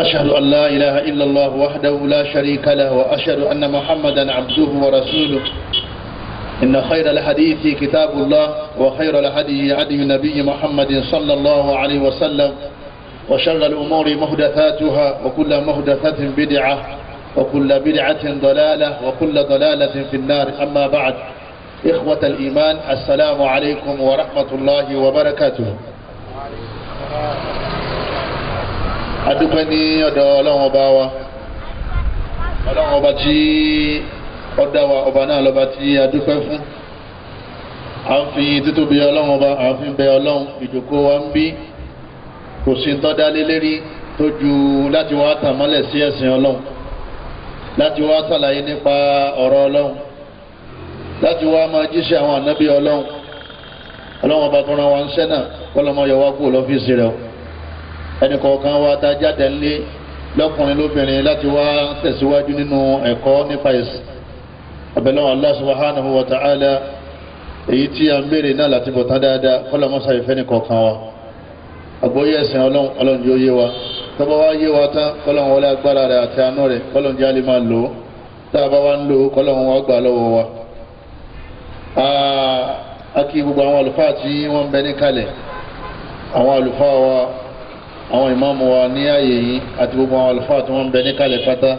أشهد أن لا إله إلا الله وحده لا شريك له وأشهد أن محمدا عبده ورسوله إن خير الحديث كتاب الله وخير الهدي هدي النبي محمد صلى الله عليه وسلم وشر الأمور مهدثاتها وكل مهدثة بدعة وكل بدعة ضلالة وكل ضلالة في النار أما بعد إخوة الإيمان السلام عليكم ورحمة الله وبركاته adúpẹ́ ní ọ̀dọ̀ ọlọ́run ọba wa ọlọ́run ọba tí ọ̀dà wa ọba náà lọ́ba tí adúpẹ́ fún à ń fi títóbi ọlọ́run ọba à ń fi bẹ ọlọ́run ìjókòó wa ń bí kò sí tọ́dá lé lérí tó ju láti wá tàmọ́lẹ̀ sí ẹ̀sìn ọlọ́run láti wá sàlàyé nípa ọ̀rọ̀ ọlọ́run láti wá máa jíṣẹ́ àwọn ànábì ọlọ́run ọlọ́run ọba tó rán wa ń sẹ́nà kọ́lọ́mọ yọ wá kúrò lọ́fíìsì rẹ̀ o. ẹnìkọ̀ọ̀kan wa ta jáde ńlé lọ́kùnrin lóbìnrin láti wá tẹ̀síwájú nínú ẹ̀kọ́ nípa ẹ̀sìn abẹ́lẹ́wọ̀n Allah subhanahu wa ta'ala èyí tí a ń béèrè náà láti bọ̀ tán dáadáa kọ́lá mọ́sá ìfẹ́ nìkọ̀ọ̀kan wa àgbóyè ẹ̀sìn ọlọ́run ọlọ́run yóò yé wa tọ́ba wa yé wa tán kọ́lọ́run wọlé agbára rẹ̀ a bá wa àwọn ìmáàmù wa ní ààyè yìí àti gbogbo àwọn àlùfáà tí wọ́n ń bẹ ní kalẹ̀ pátá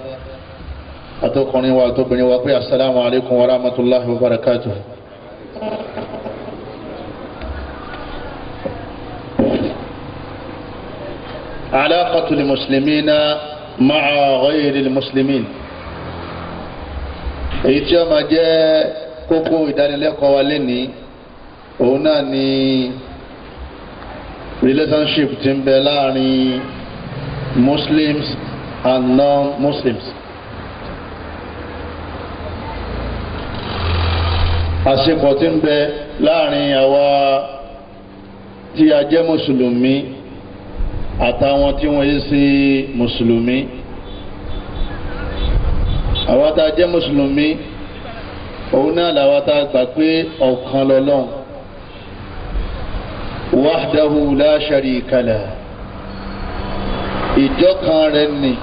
àtọkùnrin wa àtọbìnrin wa pé asalaamu alaykum wa rahmatulahi wa barakatuh. علاقة المسلمين مع غير المسلمين èyí tí ó máa jẹ́ kókó ìdánilẹ́kọ̀ọ́ wa lénìí òun náà ni relationship tí ń bẹ láàrin muslims and non-muslims. àṣekọ̀ tí ń bẹ láàrin àwa tí a jẹ́ mùsùlùmí àtàwọn tí wọ́n yé sí mùsùlùmí àwa tá a jẹ́ mùsùlùmí òun náà làwa tá a gbà pé ọ̀kan lọ́lọ́run wahdahu la sharika la ìjọkan rẹ̀ ni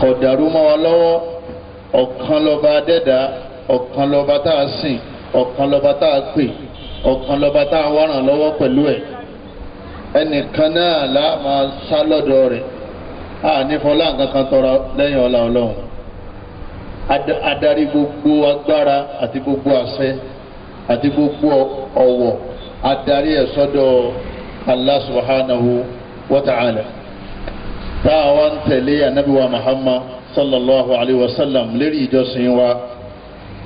kò dàrú mọ́ wa lọ́wọ́ ọ̀kan lọ́ba adẹ́dá ọ̀kan lọ́ba tá a sìn ọ̀kan lọ́ba tá a pè ọ̀kan lọ́ba tá a wárán lọ́wọ́ pẹ̀lú ẹ̀ ẹnìkan náà là máa sá lọ́dọ̀ rẹ̀ a nífọlá nǹkan tọrọ lẹ́yìn ọlá Ọlọ́run adarí gbogbo agbára àti gbogbo àṣẹ àti gbogbo ọ̀wọ̀ adarí ẹ̀ sọ́dọ̀ Allah subhanahu wa ta'ala tá a wá ń tẹ̀lé anabi wa Muhammad sallallahu alayhi wa sallam lérí ìjọsìn wa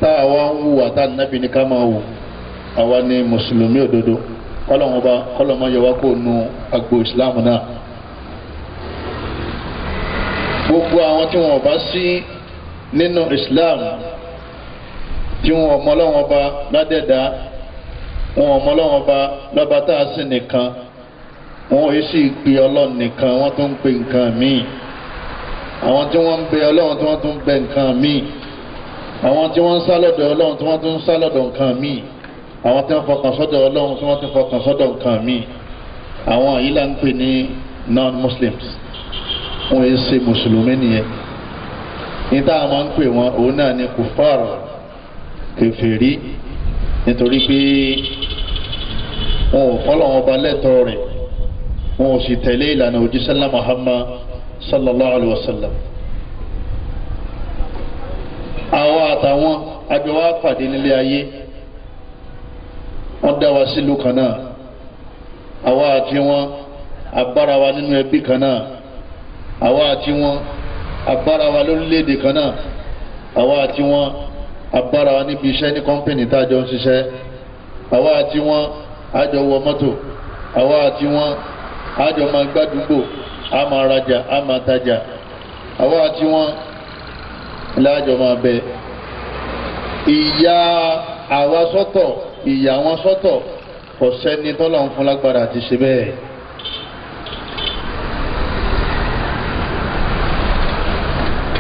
tá a wá ń wù wá tá anabi ní ká máa wù àwa ni mùsùlùmí òdodo kọlọ́mọba kọlọ́mọ yọ kó nu agbo islam náà gbogbo àwọn tí wọn bá sí nínú islam tí wọn mọ Ọlọ́hun Ọba ládẹ́dá wọn ọmọ ọlọ́run ọba lọ́ba tá a sìn nìkan wọn ò sì pe ọlọ́run nìkan wọ́n tún ń pe nǹkan míì àwọn tí wọ́n ń pe ọlọ́run tí wọ́n tún ń pe nǹkan míì àwọn tí wọ́n ń sálọ̀dọ̀ ọlọ́run tí wọ́n tún ń sálọ̀dọ̀ nǹkan míì àwọn tí wọ́n fọkàn sọ́dọ̀ ọlọ́run tí wọ́n tún fọkàn sọ́dọ̀ nǹkan míì àwọn yìí là ń pè ní non-muslims wọn yìí ṣe mùsùlùmí nìyẹn ní táwọn ń pè wọn òun náà ni kùfàrà kèfèrí nítorí pé wọn ò fọlọ́wọn ọba lẹ́tọ̀ọ́ rẹ̀ wọn ò sì tẹ̀lé ìlànà òjísẹ́lá Muhammad sallallahu alayhi wa sallam. àwọn àtàwọn àjọ wa pàdé nílé ayé wọ́n dá wa sílùú kan náà àwa àti wọn abára wa nínú ẹbí kan náà àwa àti wọn abára wa lórílẹ̀‐èdè kan náà àwa àti wọn abára wa níbi iṣẹ́ ní kọ́ńpìnì tá a jọ ń ṣiṣẹ́ àwa àti wọn a jọ wọ mọ́tò àwa àti wọn a jọ máa gbádùúgbò a máa rajà a máa tajà àwa àti wọn láàjọ máa bẹ ìyá àwa sọ́tọ̀ ìyá wọn sọ́tọ̀ kò sẹ́ni tọ́lọ̀ ń fún lágbára àti ṣe bẹ́ẹ̀.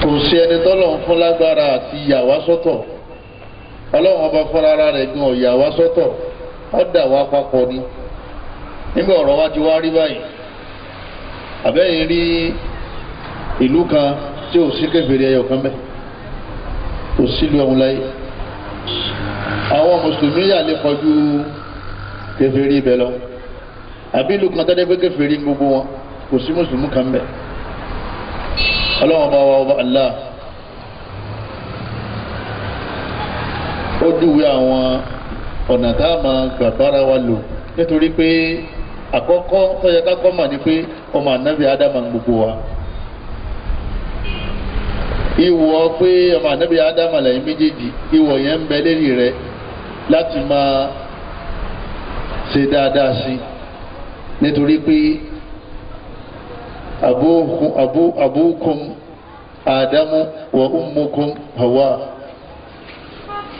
kò sí ẹni tọ́lọ̀ ń fún lágbára àti yà wá sọ́tọ̀. So ọlọ́run ọba fúnra ara rẹ̀ gan ọ̀yà wá sọ́tọ̀ ó dà wá papọ̀ ni nígbà ọ̀rọ̀ wá ti wá rí báyìí àbẹ́yìn rí ìlú kan tí ò sí kèfèrí ẹyọ kan bẹ́ẹ̀ kò sílùú ọ̀hún láyé àwọn mùsùlùmí yà lè kọjú kèfèrí ibẹ̀ lọ àbí ìlú kan tẹ́lẹ̀ pé kèfèrí gbogbo wọn kò sí mùsùlùmí kan bẹ́ẹ̀ ọlọ́run ọba wa ọba Allah. júwe àwọn ọ̀nà tá a máa gbà bára wa lò nítorí pé àkọ́kọ́ ká kọ́ mà ní pé ọmọ ànábì ádámà gbogbo wa ìwọ pé ọmọ ànábì ádámà lẹ́yìn méjèèjì ìwọ yẹn ń bẹ lérí rẹ láti máa ṣe dáadáa sí nítorí pé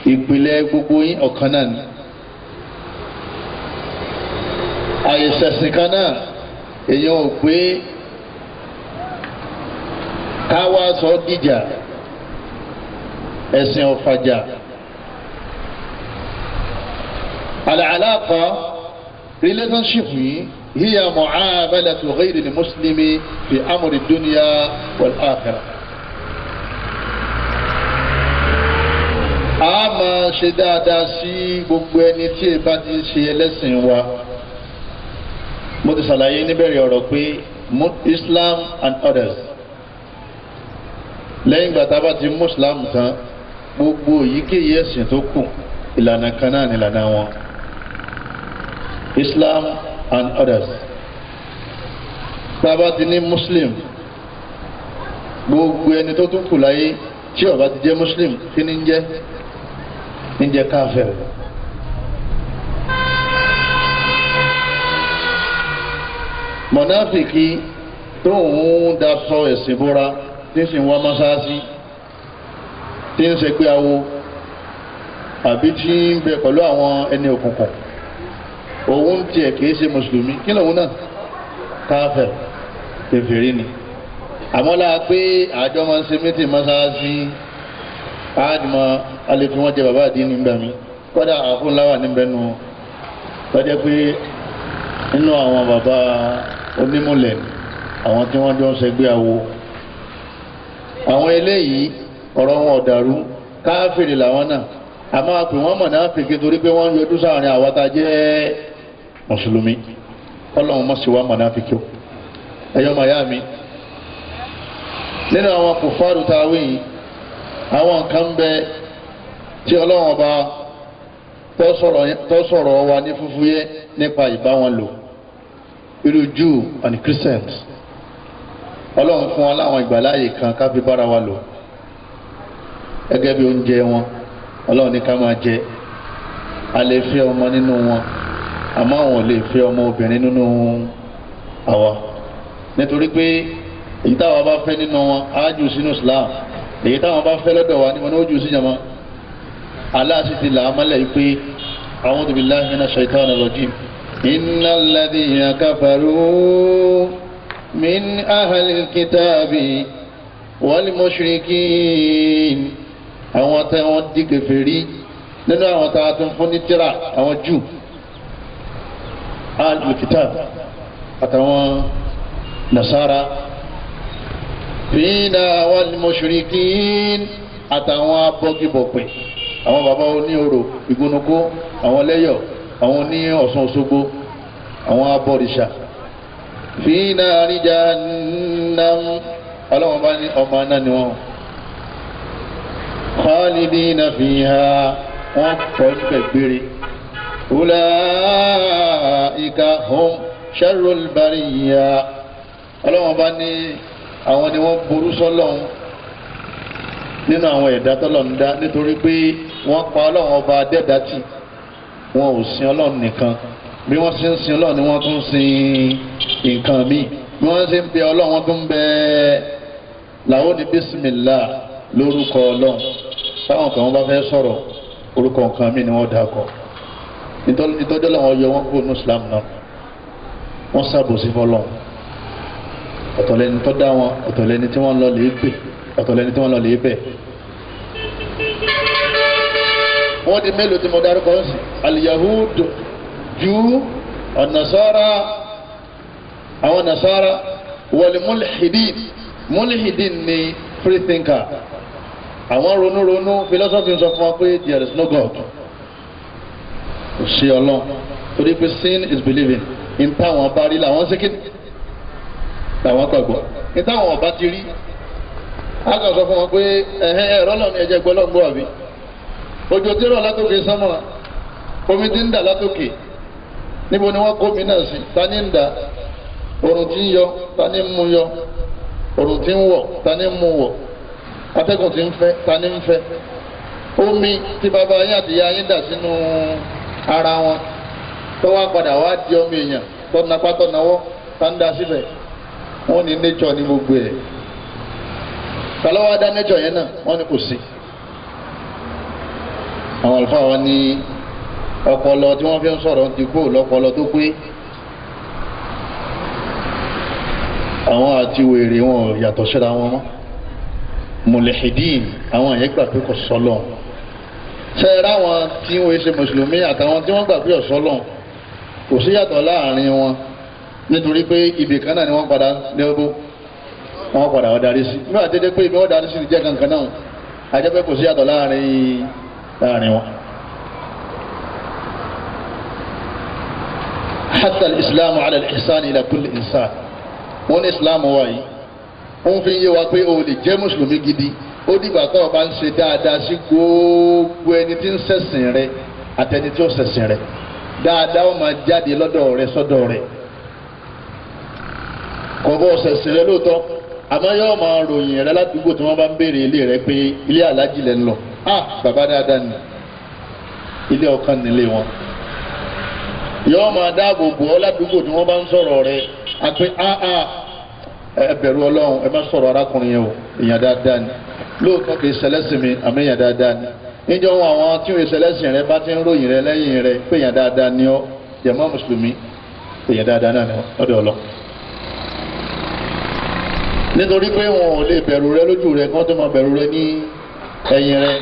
ìpìlẹ̀ gbogbo yín ọ̀kan náà ni àìsẹ̀sìn kan náà èèyàn ò pé káwá sọ gíjà ẹ̀sìn ọ̀fàjà àlàáfà relationship yìí hiya mu'amalatu ghayri al-muslimi fi amri dunya wal akhirah. a máa ṣe dáadáa sí gbogbo ẹni tí ẹ bá ti ṣe ẹlẹ́sìn wa mo ti ṣàlàyé níbẹ̀rẹ̀ ọ̀rọ̀ pé Islam and others lẹ́yìn ìgbà tá a bá ti mú tán gbogbo èyíkéyìí ẹ̀sìn tó kù ìlànà kan náà ni ìlànà wọn Islam and others tá a bá ti ní Muslim gbogbo ẹni tó tún kù láyé tí ó ti jẹ́ Muslim kí ni ń jẹ́ níjẹ́ káfẹ́rì. mọ̀náfìkì tó ń daṣọ ẹ̀sìn bóra tí ń sì ń wá mọ́ṣáláṣí tí ń ṣe pé awo àbí tí ń bẹ pẹ̀lú àwọn ẹni òkùnkùn òun tiẹ̀ kìí ṣe mùsùlùmí kí lòun náà káfẹ́rì kèfèrí ni àmọ́ la pé àjọ máa ń ṣe mítì mọ́ṣáláṣí àdìmọ́. a lè fi wọ́n jẹ bàbá àdín nígbà mi kọ́dà àfúnláwà níbẹ̀ nù tọ́jẹ́ pé nínú àwọn bàbá onímọ̀lẹ̀ àwọn tí wọ́n jọ ń ṣẹgbẹ́ àwọn eléyìí ọ̀rọ̀ wọn ọ̀dàrú káfíìrì làwọn náà a máa pè náà fèké torí pé yọjú o ya mi nínú àwọn yìí tí ọlọ́run ọba tó sọ̀rọ̀ wa ní fúfú yẹ nípa ìbá wọn lò irú Jew and Christians ọlọ́run fún wa láwọn ìgbàláyè kan ká fi bára wa lò gẹ́gẹ́ bí oúnjẹ wọn ọlọ́run ní ká máa jẹ a lè fẹ́ ọmọ nínú wọn àmọ́ àwọn ò lè fẹ́ ọmọ obìnrin nínú àwa nítorí pé èyí táwọn bá fẹ́ nínú wọn á jù sínú Islam èyí táwọn bá fẹ́ lọ́dọ̀ wa ni wọn ó jù sí jàmá aláàṣì ti là á mọ́lẹ̀ yìí pé a'udhu billahi minash shaitanir rajim. innal ladhina kafaru min ahlil kitabi wal mushrikin àwọn tí wọ́n di kèfèrí nínú àwọn tá a tún fún ní tíra àwọn jù ahlil kitab àtàwọn nasara fina wal mushrikin àtàwọn abọ́gibọ̀pẹ̀ àwọn bàbá oní orò ìgbónukó àwọn lẹ́yọ̀ àwọn oní ọ̀sán òṣogbo àwọn abọ̀rìṣà fínà níjà nam ọlọ́wọ́n bá ní ọmọ aná ni wọ́n khalidina fiha wọ́n pọ̀ níbẹ̀ gbére ulaika hum sharrul bariyya ọlọ́wọ́n bá àwọn ni wọ́n ború sọ́lọ́hún nínú àwọn ẹ̀dá tọ́lọ̀ ń dá nítorí pé wọ́n pa ọlọ́run ọba dẹ́dá tì wọn ò sin ọlọ́run nìkan bí wọ́n ṣe ń sin ọlọ́run ni wọ́n tún sin nǹkan míì bí wọ́n ṣe ń bẹ ọlọ́run wọ́n tún ń bẹ làwọn ní bísímìlá lórúkọ ọlọ́run táwọn kan wọn bá fẹ́ sọ̀rọ̀ orúkọ nǹkan míì ni wọ́n dà kọ ìtọ́jú làwọn yọ wọn kó ní Islam náà wọ́n ṣàbòsí fọlọ́run ọ̀tọ̀lẹ́ni tó dá wọn ọ̀tọ̀lẹ́ni tí wọ́n lọ lè gbè ọ̀tọ̀lẹ́ni tí wọ́n lọ lè bẹ̀ wọ́n di mélòó tí mo dárúkọ ń sìn aliyahud ju ọ̀nàsára àwọn nasara wọlé mulhidin mulhidin ni free thinker àwọn ronúronú philosophy sọ fún wa pé there is no god kò sí ọlọ́run torí pé sin is believing in táwọn bá rí làwọn ṣe kéde làwọn gbàgbọ́ in táwọn ọba ti rí a kàn sọ fún wọn pé ẹ̀hẹ́ ẹ̀rọ lọ́nà ẹ̀jẹ̀ gbọ́lọ́gbọ́ àbí. òjò tí rọ̀ látòkè omi ti ń dà látòkè níbo ni omi náà sí ta ni ń dà òrùn ń yọ ta ni ń yọ òrùn ti ń ta ni ń mú wọ̀ atẹ́gùn ń fẹ́ ta ni ń fẹ́ omi tí bàbá yín àti ìyá yín dà sínú ara wọn tó padà wá di omi èèyàn tó napá tó nawọ́ ń da síbẹ̀ wọ́n ní nature ní gbogbo ẹ̀ kálọ́wọ́ àwọn àlùfáà wa ní ọpọlọ tí wọ́n fi ń sọ̀rọ̀ ti kó lọ́pọlọ tó pé àwọn àti wèrè wọn yàtọ̀ síra wọn mọ́ mùlẹ̀hídìn àwọn yẹn gbà pé kò sọ́lọ̀ ṣe é tí wọ́n ṣe mùsùlùmí àtàwọn tí wọ́n gbà pé ọ̀sọ́lọ̀ kò sí yàtọ̀ láàrin wọn nítorí pé ibì kan náà ni wọ́n padà lẹ́gbó wọ́n padà wọ́n darí sí nígbà tó dé pé ibi wọ́n darí sí ti jẹ́ kankan náà àjẹpẹ́ kò sí yàtọ̀ láàrin láàrin wọn. hatta islam ala ihsan ila kulli insan wọn ní islam wa yìí wọn fi yé wa pé o lè jẹ́ mùsùlùmí gidi ó dìgbà tó o bá ń ṣe dáadáa sí gbogbo ẹni tí ń ṣẹ̀sìn rẹ àtẹni tí ó ṣẹ̀sìn rẹ dáadáa ó máa jáde lọ́dọ̀ rẹ sọ́dọ̀ rẹ kọ̀ọ̀bọ̀ ṣẹ̀sìn rẹ lóòótọ́ àmọ́ yóò máa ròyìn rẹ ládùúgbò tí wọ́n bá ń béèrè ilé rẹ pé ilé alájì lẹ́ ń ah bàbá dáadáa ni ilé ọkàn nílé wọn yọọ máa dáàbò bò ọ ládùúgbò tí wọn bá ń sọ̀rọ̀ rẹ̀ àpé ah ah ẹ bẹ̀rù ẹ má sọ̀rọ̀ arákùnrin yẹn o èèyàn dáadáa ni lóòótọ́ kì í ṣẹlẹ́sìn mi àmì èèyàn dáadáa ni níjọ wọn àwọn tí wọn ṣẹlẹ́sìn rẹ bá ti ń ròyìn rẹ lẹ́yìn rẹ pé èèyàn dáadáa ni ọ jẹ̀mọ́ mùsùlùmí èèyàn dáadáa náà ni ọdọ̀ ọlọ́ nítorí pé wọn ò lè bẹ̀rù rẹ lójú rẹ kí wọ́n tó máa bẹ̀rù rẹ ní ẹ̀yìn rẹ̀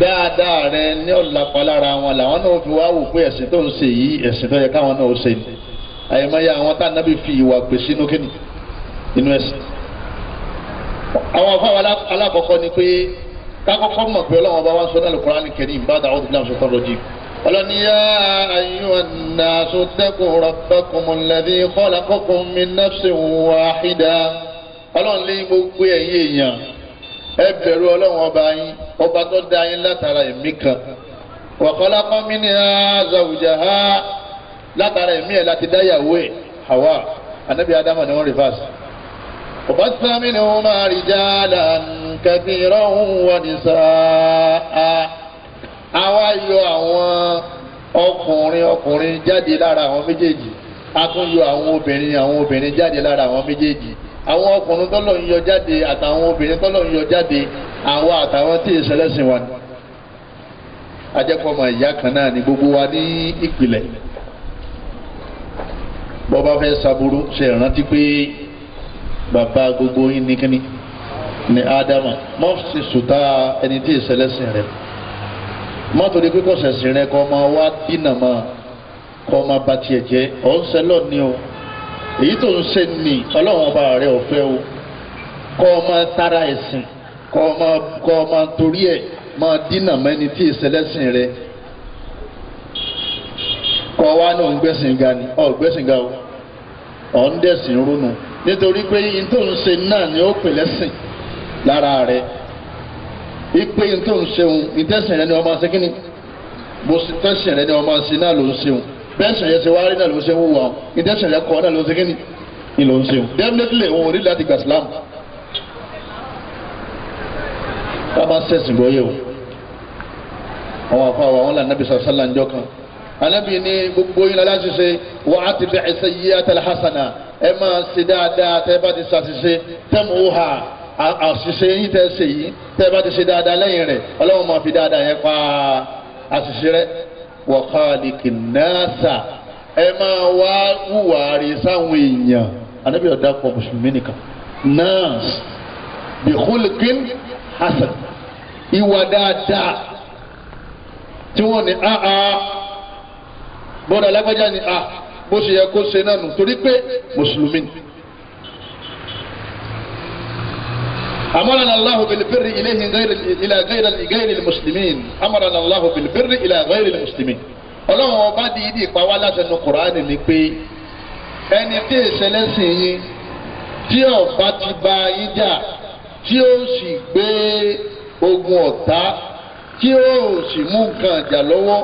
dáadáa rẹ̀ ní ọ̀làpá lára wọn làwọn náà fi wá wò pé ẹ̀sìn tó ń ṣe yìí ẹ̀sìn tó yẹ káwọn náà ṣe ni àyèmáyé àwọn tá ànábì fi ìwà pè sínú kíni inú ẹ̀sìn. àwọn afáwọn alákọ̀ọ́kọ́ ni pé kakọkọ mọ̀ pé Ọlọ́run bá wá sọ náà lùkùránì kẹrin ìbáda ọdún náà sọ tọrọ jí. ọlọ́ni yá ayyuhan nasu taqu rabbakum alladhi khalaqakum lé gbogbo ẹ̀yìn èèyàn ẹ bẹ̀rù ọlọ́run ọba yín ọba tó dá yín látara ẹ̀mí kan wa khalaqa minha zawjaha látara ẹ̀mí ẹ̀ láti dá yàwó ẹ̀ Hawa anabi adama ni wọ́n rìfásì. وبث منهما رجالا كثيرا ونساء àwa yọ àwọn ọkùnrin ọkùnrin jáde lára àwọn méjèèjì a tún yọ àwọn obìnrin àwọn obìnrin jáde lára àwọn méjèèjì àwọn ọkùnrin tọ́lọ̀ ń yọ jáde àtàwọn obìnrin tọ́lọ̀ ń yọ jáde àwọn àtàwọn tí èso ẹlẹ́sìn wa ni ajẹ́pọ̀mọ̀ ìyá kan náà ni gbogbo wa ní ìpìlẹ̀ bọ́ba fẹ́ ṣe rántí pé bàbá gbogbo yín ní ni ádámà ẹni tí èso ẹlẹ́sìn kọ́ kọ́ èyí tó ń ṣe ni ọlọ́run ọba rẹ ọ̀fẹ́ o kọ́ ọ tara ẹ̀sìn kọ́ ọ máa torí ẹ̀ máa dínà mẹ́ni tí ìṣẹlẹ́sìn rẹ kọ́ wá náà ń ga ọ̀ o ọ̀ ń dẹ̀sìn rúnu nítorí pé èyí tó ń ṣe náà ni ó pè lẹ́sìn rẹ ipe tó ń ni wọ́n máa ṣe kí ni ni wọ́n máa ṣe náà ló ń tẹ́sán yẹn ṣe wá rí náà ló ṣe ń wọ̀ ní tẹ́sán yẹn kọ́ náà ló ṣe kíni ni ló ń ṣe. definitely òun ò ní láti gbà sílámù. ká má sẹ̀sìn gbọ́ yẹ o. àwọn afọ àwọn àwọn làǹdàbí sàṣàlà ńjọ kan. alábì ní gbogbo yín lálẹ́ àṣìṣe wà á ti bẹ̀rẹ̀ ṣe yí àtàlẹ́ hasana ẹ máa ṣe dáadáa tẹ́ bá ti ṣàṣìṣe tẹ́mu ó hà àṣìṣe yín tẹ́ ṣe yìí tẹ́ bá ti ṣe dáadáa lẹ́yìn rẹ̀ ọlọ́run máa fi dáadáa yẹn pa àṣìṣe rẹ̀ wọ̀kọ́lìkì náàsà ẹ máa wá wùwà rí sáwọn èèyàn anábì ọ̀dà pọ̀ mùsùlùmí nìkan náàsì bìkúlìkìn hasan ìwà dáadáa tí wọ́n ní áá ah, ah, bọ́dà lágbájá ní a ah, bó ṣe yẹ kó ṣe náà nù torí pé mùsùlùmí nìkan. أمرنا الله بالبر إليه غير إلى غير غير المسلمين أمرنا الله بالبر إلى غير المسلمين ọlọ́run ọba dìídì pa wá látẹnu kùránì ni pé ẹni tí ìṣẹlẹ́sìn yín tí ọba ti bá yín jà tí ó sì gbé ogun ọ̀tá tí ó sì mú nǹkan ìjà lọ́wọ́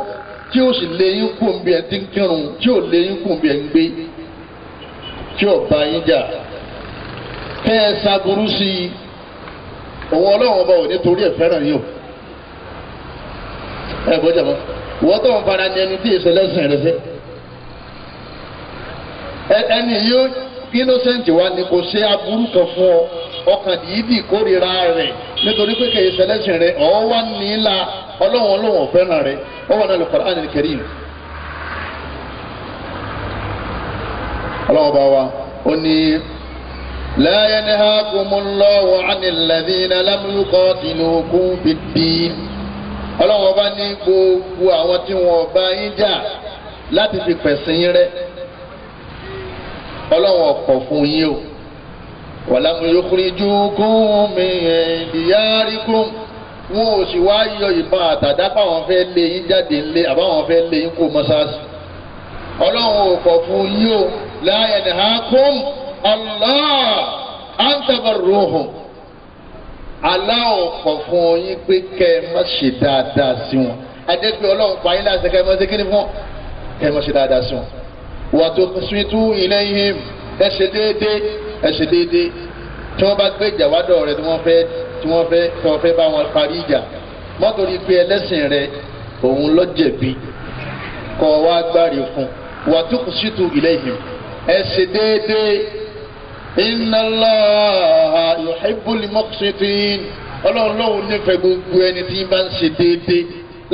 tí ó sì lé yín kù bí ẹ ti ń kírun tí ó lé yín kù bí ẹ ń gbé tí ọba yín jà kẹ́ ẹ ṣàgùrú sí i òun ọlọ́run ọba ò ní torí ẹ̀ fẹ́ràn yìí o ẹ bọ́ jàmbá wọ́n tó ń fara ní ẹni tí èso lẹ́sìn rẹ̀ fẹ́ ẹni yóò innocent wa ni kò ṣe aburú kan fún ọ ọkàn dìídì kórìíra rẹ̀ nítorí pé kèye sẹlẹ́sìn rẹ̀ ọ̀ wá nílà ọlọ́run ọlọ́run ọ̀fẹ́ràn rẹ̀ ọ wà nínú Al-Qur'an al-Karim. ọlọ́run bá wa ó ní. لا ينهاكم الله عن الذين لم يقاتلوكم في الدين ọlọ́wọ́n bá ní gbogbo àwọn tí wọ́n bá yín jà láti fi pẹ̀sìn yín rẹ́ ọlọ́wọ́n kọ̀ fún yín o wàlámù yókùrìjú gúnmi ìdíyàríkùn wọn ò sì wá yọ ìbọn àtàdá báwọn fẹ́ lé yín jáde ńlé àbáwọn fẹ́ lé yín kó mọ́sáàsì ọlọ́wọ́n kọ̀ fún yín o láyẹn ní hákùn. Allah antabaruhu aláwọ̀ kọ̀ fún yín pé kẹ́ ẹ má ṣe dáadáa sí wọn ajẹ́ pé ọlọ́run pa yín láti kẹ́ ẹ má ṣe kíni fún kẹ́ ẹ má ṣe dáadáa sí wọn. wà tó sun itú ilé yín ẹ ṣe déédéé ẹ ṣe déédéé tí wọ́n bá gbé ìjà wádọ̀ rẹ tí wọ́n fẹ́ tí wọ́n fẹ́ tí wọ́n fẹ́ bá wọn parí ìjà mọ́tò rí pé ẹlẹ́sìn rẹ òun ló jẹ̀bi kọ́ wa gbáre fún wà tó sun itú ilé yín ẹ ṣe déédéé inna Allah yuhibbul muqsitin ọlọ́run lọ́hùn nífẹ̀ẹ́ gbogbo ẹni tí bá ń ṣe déédéé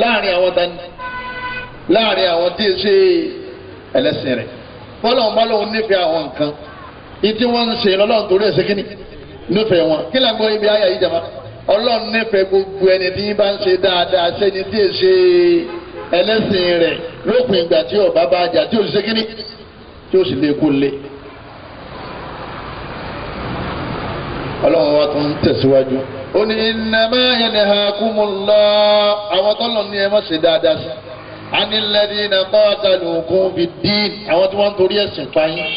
láàrin àwọn dání láàrin àwọn tí ń ṣe ẹlẹ́sìn rẹ̀ fọlọ́run bá lọ́hùn nífẹ̀ẹ́ àwọn nǹkan ìdí wọn ń ṣe lọ́lọ́run torí ẹ̀ṣẹ́ kínní nífẹ̀ẹ́ wọn kí làgbọ́ ibi ayé yìí jàmá ọlọ́run nífẹ̀ẹ́ gbogbo ẹni tí bá ń ṣe dáadáa sẹ́ni tí ṣe ẹlẹ́sìn rẹ̀ lópin ìgbà tí ọ̀bá bá jà tí ò ọlọ́run wa tún tẹ̀síwájú ó ní innama yanhakumullah àwọn tọ́lọ̀ ní ẹ má ṣe dáadáa sí anil ladina qatalukum fid-din àwọn tí wọ́n ń torí ẹ̀sìn pa yín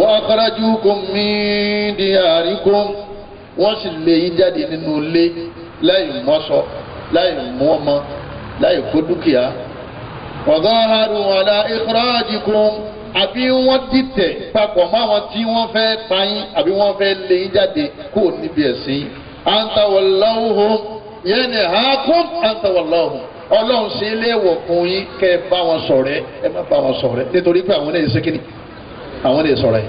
wa akhrajukum min diyarikum wọ́n sì lé yín jáde nínú ilé láì mọ́sọ láì mú ọmọ láì kó dúkìá wa zaharu ala ikhrajikum àbí wọ́n dìtẹ̀ papọ̀ mọ́ àwọn tí wọ́n fẹ́ pa yín àbí wọ́n fẹ́ lé yín jáde kó o níbi ẹ̀sìn antawallahu yẹnì hakun antawallahu ọlọ́run ṣe léèwọ̀ fún yín kẹ́ ẹ bá wọn ṣọ̀rẹ́ ẹ má bá wọn ṣọ̀rẹ́ nítorí pé àwọn ènìyàn ṣékìní àwọn ènìyàn ṣọ̀rẹ́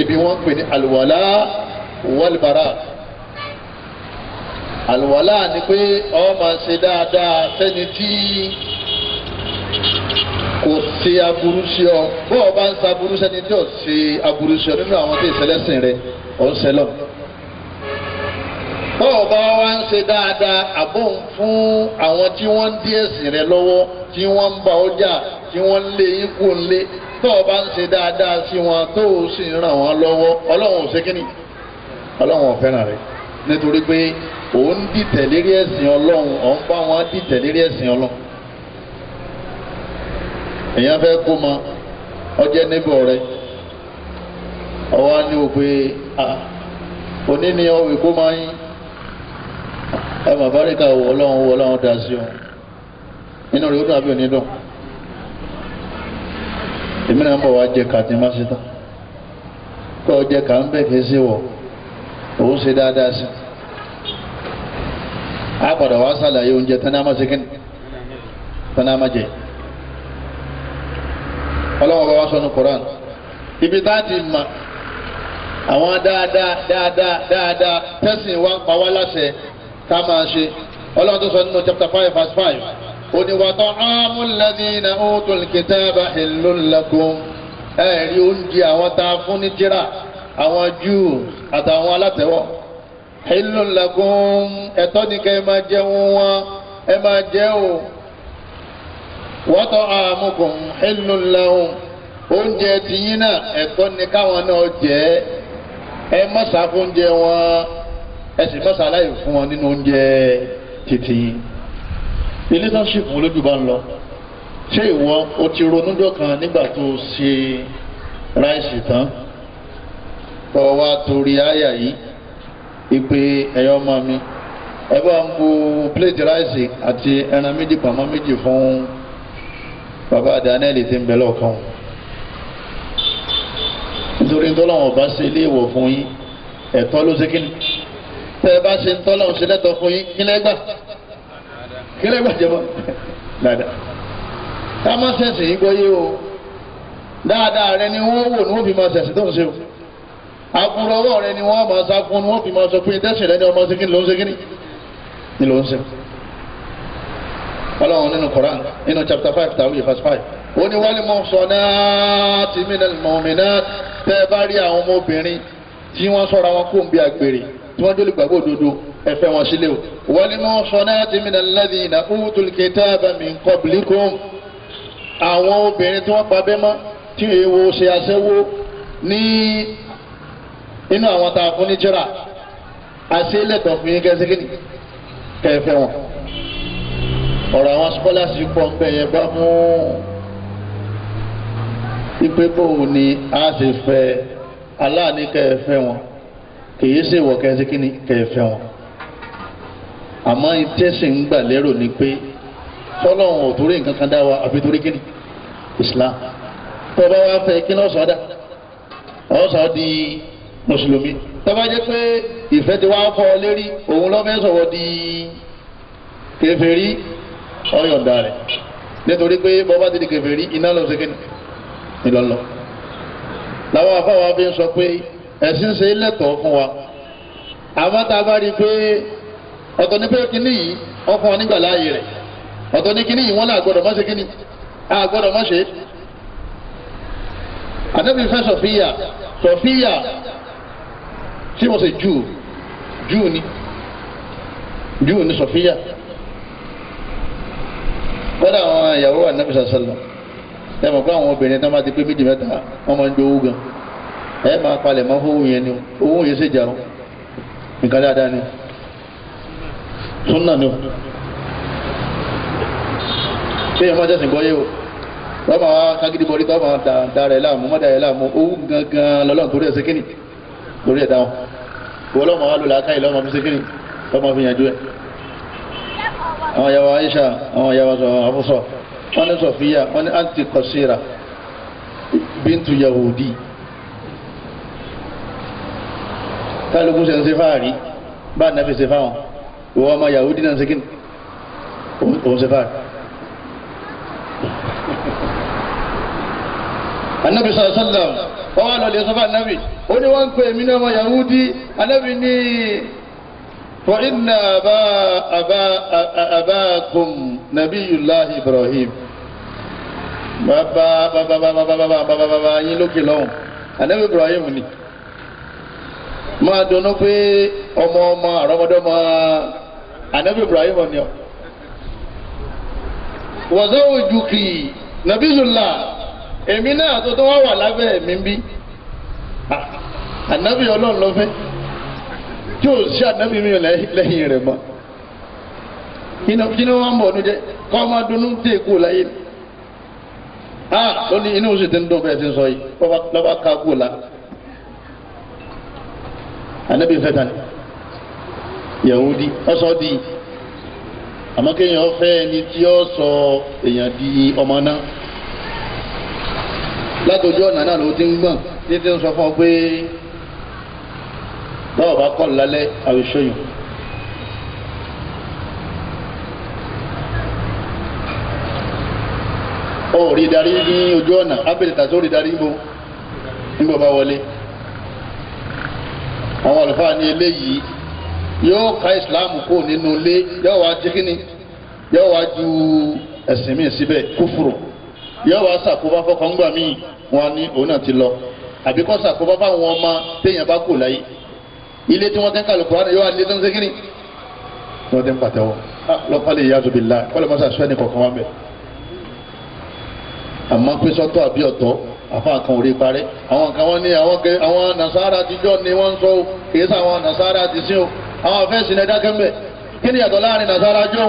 ibi wọn pè ní alùwàlá wàlùbárà alùwàlá ni pé ó máa ṣe dáadáa sẹ́ni tí kò se aburú sí ọ bó o bá ń sa aburú sẹ́ni tí ò ṣe aburú sí ọ nínú àwọn tó ìṣẹlẹ́sìn rẹ ò ń ṣẹlọ. bó o bá wá ń ṣe dáadáa àbò ń fún àwọn tí wọ́n ń dí ẹ̀sìn rẹ lọ́wọ́ tí wọ́n ń ba ọjà tí wọ́n ń lé yín kó ń lé tó o bá ń ṣe dáadáa sí wọn tó o sì ń ràn wọ́n lọ́wọ́ ọlọ́run ò ṣe kíni ọlọ́run ò fẹ́ràn rẹ nítorí pé òun dìtẹ̀ lérí ẹ̀sìn ọlọ́run òun bá wọn dìtẹ̀ lérí ẹ̀sìn ọlọ́run. èèyàn fẹ́ kó ma ọjẹ́ níbọ̀ rẹ ọwọ́ ni o pé òní ni ọwọ́ kó ma yín ẹ mà báríkà wọ ọlọ́run wọ ọlọ́run dá sí ọ inú rẹ ó dàbí òní dùn èmi náà bọ̀ wá jẹ kàtí má ṣe tán kọ́ jẹ kà ń bẹ̀kẹ́ sí òun ṣe dáadáa a wá ọlọ́wọ́ bá wá sọ ní Quran ibi tá a ti mà àwọn dáadáa dáadáa dáadáa tẹ̀sìn wa ń pa wá láṣẹ ká máa ṣe ọlọ́run tó sọ nínú chapter five verse five oníwàtọ́ amúlẹ́dínà òtún kìtàbà ìlúlẹ́kùn ẹ̀rí oúnjẹ àwọn tá a fún ní jíra àwọn júù àtàwọn alátẹ̀wọ̀ ìlúlẹ́kùn ẹ̀tọ́ ni kẹ́ ẹ máa jẹun wọn ẹ máa jẹ وطعامكم حل لهم oúnjẹ tiyín náà ẹ̀tọ́ ni káwọn náà jẹ ẹ má sá fún oúnjẹ wọn ẹ sì má sá láì fún wọn nínú oúnjẹ títí. relationship wọn lójú bá ń lọ ṣé ìwọ o ti ronújọ kan nígbà tó o ṣe ráìsì tán tó torí àyà yìí ìpè ẹ̀yọ́ ọmọ mi ẹ bá ń bu plate ráìsì àti ẹran méjì pàmò méjì fún un bàbá Daniel ti ń bẹ lọ́kàn nítorí ntọ́lọ́wọ̀n bá ṣe ilé ìwọ̀ fún yín ẹ̀tọ́ ló ṣe kíni tẹ́ ẹ bá ṣe ntọ́lọ́wọ̀n ṣe lẹ́tọ̀ fún yín kílẹ̀ gbà kílẹ̀ gbà jẹ́ mọ́ dáadáa ká má sẹ̀sì yín gbọ́ yé o dáadáa rẹ ni wọ́n wò ni wọ́n fi máa sẹ̀sì tó ń ṣe o àkùrọ̀ ọwọ́ rẹ ni wọ́n máa sá fún ni wọ́n fi máa sọ pé tẹ́sí rẹ ni ọmọ ṣe kíni ló ń ṣe kíni ni ló ń ṣe kíni ọlọ́run nínú Quran nínú chapter five tàwí verse five ó ní wálé mọ́ sọ́nà tí mílíọ̀nù mọ̀mìnà tẹ́ ẹ bá rí àwọn ọmọbìnrin tí wọ́n sọ̀rọ̀ àwọn kó ń bí agbèrè tí wọ́n jólè gbàgbọ́ òdodo ẹ fẹ́ wọn sílẹ̀ o. wálé mọ́ sọ́nà tí mílíọ̀nù lẹ́dí iná utul kitaba min qablikum àwọn obìnrin tí wọ́n pa bẹ́ mọ́ tí èèwọ̀ ṣe aṣẹ́wó ní inú àwọn tá a ní jẹ́ra àṣẹ ilẹ̀ tọ̀ fún yín kẹ́sẹ́kẹ́ni kẹ́ẹ̀fẹ́ wọn ọ̀rọ̀ àwọn scholars yìí pọ̀ nbẹ yẹn bá mú ipe bóun ni a ṣe fẹ́ aláàní kẹfẹ́ wọn kìí ṣe wọ kẹsí kí ni kẹfẹ́ wọn àmọ́ ìtẹ́sìn ń gbà lérò ni pé fọlọ́run ò torí nǹkan kan dá wa àfi torí kí ni Islam tó bá wá fẹ́ kí lọ́sọ̀ dá ọ̀sọ̀ di mùsùlùmí tó bá jẹ́ pé ìfẹ́ ti wá fọ́ lérí òun lọ́mẹ́sọ̀wọ́ di kèfèrí ọ̀yọ̀ǹda rẹ̀ nítorí pé bọ́bá ti di kèfèrí iná lọ sí kíni ìlọlọ. làwọn afáwa fi ń sọ pé ẹ̀sìn ṣe lẹ́tọ̀ọ́ fún wa àmọ́ tá a bá rí i pé ọ̀tọ̀ ní pé kíní yìí wọ́n fún wa nígbà láàyè rẹ̀ ọ̀tọ̀ ní kíní yìí wọ́n là gbọ́dọ̀ má ṣe kíní à gbọ́dọ̀ fẹ́ sọ̀fíyà sọ̀fíyà tí mo ṣe jù jù ni jù ni sọ̀fíyà lọ́dọ̀ àwọn ìyàwó ànábì sàṣẹlẹ̀ ẹ mọ̀ pé àwọn obìnrin tó máa ti pé méjì mẹ́ta wọ́n máa ń jó owó gan ẹ máa palẹ̀ mọ́ fowó yẹn ni owó yẹn ṣèjà o nǹkan dáadáa ni sunna ni o ṣé ẹ máa jẹ́sìn gbọ́ yé o wọ́n máa kágídí bọ́rí tó máa da rẹ̀ láàmú mọ́dà rẹ̀ láàmú owó gangan lọ́lọ́run torí ẹ̀ sékìnì lórí ẹ̀ dáhùn ìwọ́lọ́mọ lọ́mọ fi sékìnì lọ́mọ àwọn ìyàwó Aisha àwọn ìyàwó abúsọ wọ́n ní Sọfíyà wọ́n ní anti kọsíra bíntu Yahudi kálukú ṣe ń ṣe fáàrí bá nàfi ṣe fáwọn ìwọ ọmọ Yahudi náà ṣe kí òun ṣe fáàrí. anabi sallallahu alaihi wasallam wà lọ́ọ́ lè anabi ó ní wọ́n ń pè mí ní ọmọ Yahudi anabi ní. وإن أبا أبا أباكم نبي الله إبراهيم bàbá bàbá bàbá bàbá bàbá bàbá yín lókè lọ́hùn anabi Ibrahim ni máa dunu pé ọmọ ọmọ àrọmọdọ́mọ anabi Ibrahim ni ọ. wọ́sẹ̀ ojúkì nabiyullah èmi náà tó tó wá wà lábẹ́ mi bí anabi ah, ọlọ́run lọ́fẹ́ tí o ṣe ànábì mi lẹ́yìn rẹ̀ mọ́ kí ni wọ́n ń bọ̀ ọdún jẹ́ kọ́ ọmọ dunú tí èkó láyé ni ah ó ní inú oṣù tí ń dùn bẹ́ẹ̀ ti ń sọ yìí lọ́ba ká kú la ànábì fẹ́ ta ni Yahudi ọsọ di àmọ́ kéèyàn fẹ́ ẹni tí ó sọ èèyàn di ọmọ náà látòjú ọ̀nà náà ló ti ń gbọ̀n títí ń sọ fún ọ pé báwo bá kọ́ lálẹ́ I will show you. ó rí darí ní ojú ọ̀nà abẹ́lẹ̀ tàbí ó rí darí níbo níbo bá wọlé àwọn àlùfáà ní eléyìí yóò ka ìsìláàmù kó nínú ilé yóò wá jẹ́ kínní yóò wá ju ẹ̀sìn míì síbẹ̀ kúfùrù yóò wá sàkóbá fọkàngbà míì wọn ní òun náà ti lọ àbíkọ́ sàkóbá fáwọn ọmọ téèyàn bá kù láyé ilé tí wọ́n ti ń kàlù kúránì yóò wá ilé tó ń segin ni wọ́n ti ń pàtẹ́wọ́ ah, lọ́pàlẹ̀ ìyá zubila kọ́lẹ̀ mọ́sá sẹ́ni kọ̀ọ̀kan wá bẹ̀. àmọ́ pé sọ́tọ̀ àbí ọ̀tọ̀ àfáà kan rí parẹ́ àwọn kan wọ́n ní àwọn nasara àtijọ́ ni wọ́n ń sọ o kìí sá àwọn nasara àti sí o àwọn afẹ́sì ní ẹ̀dá kẹ́mbẹ̀ kí ni yàtọ̀ láàrin nasara àjọ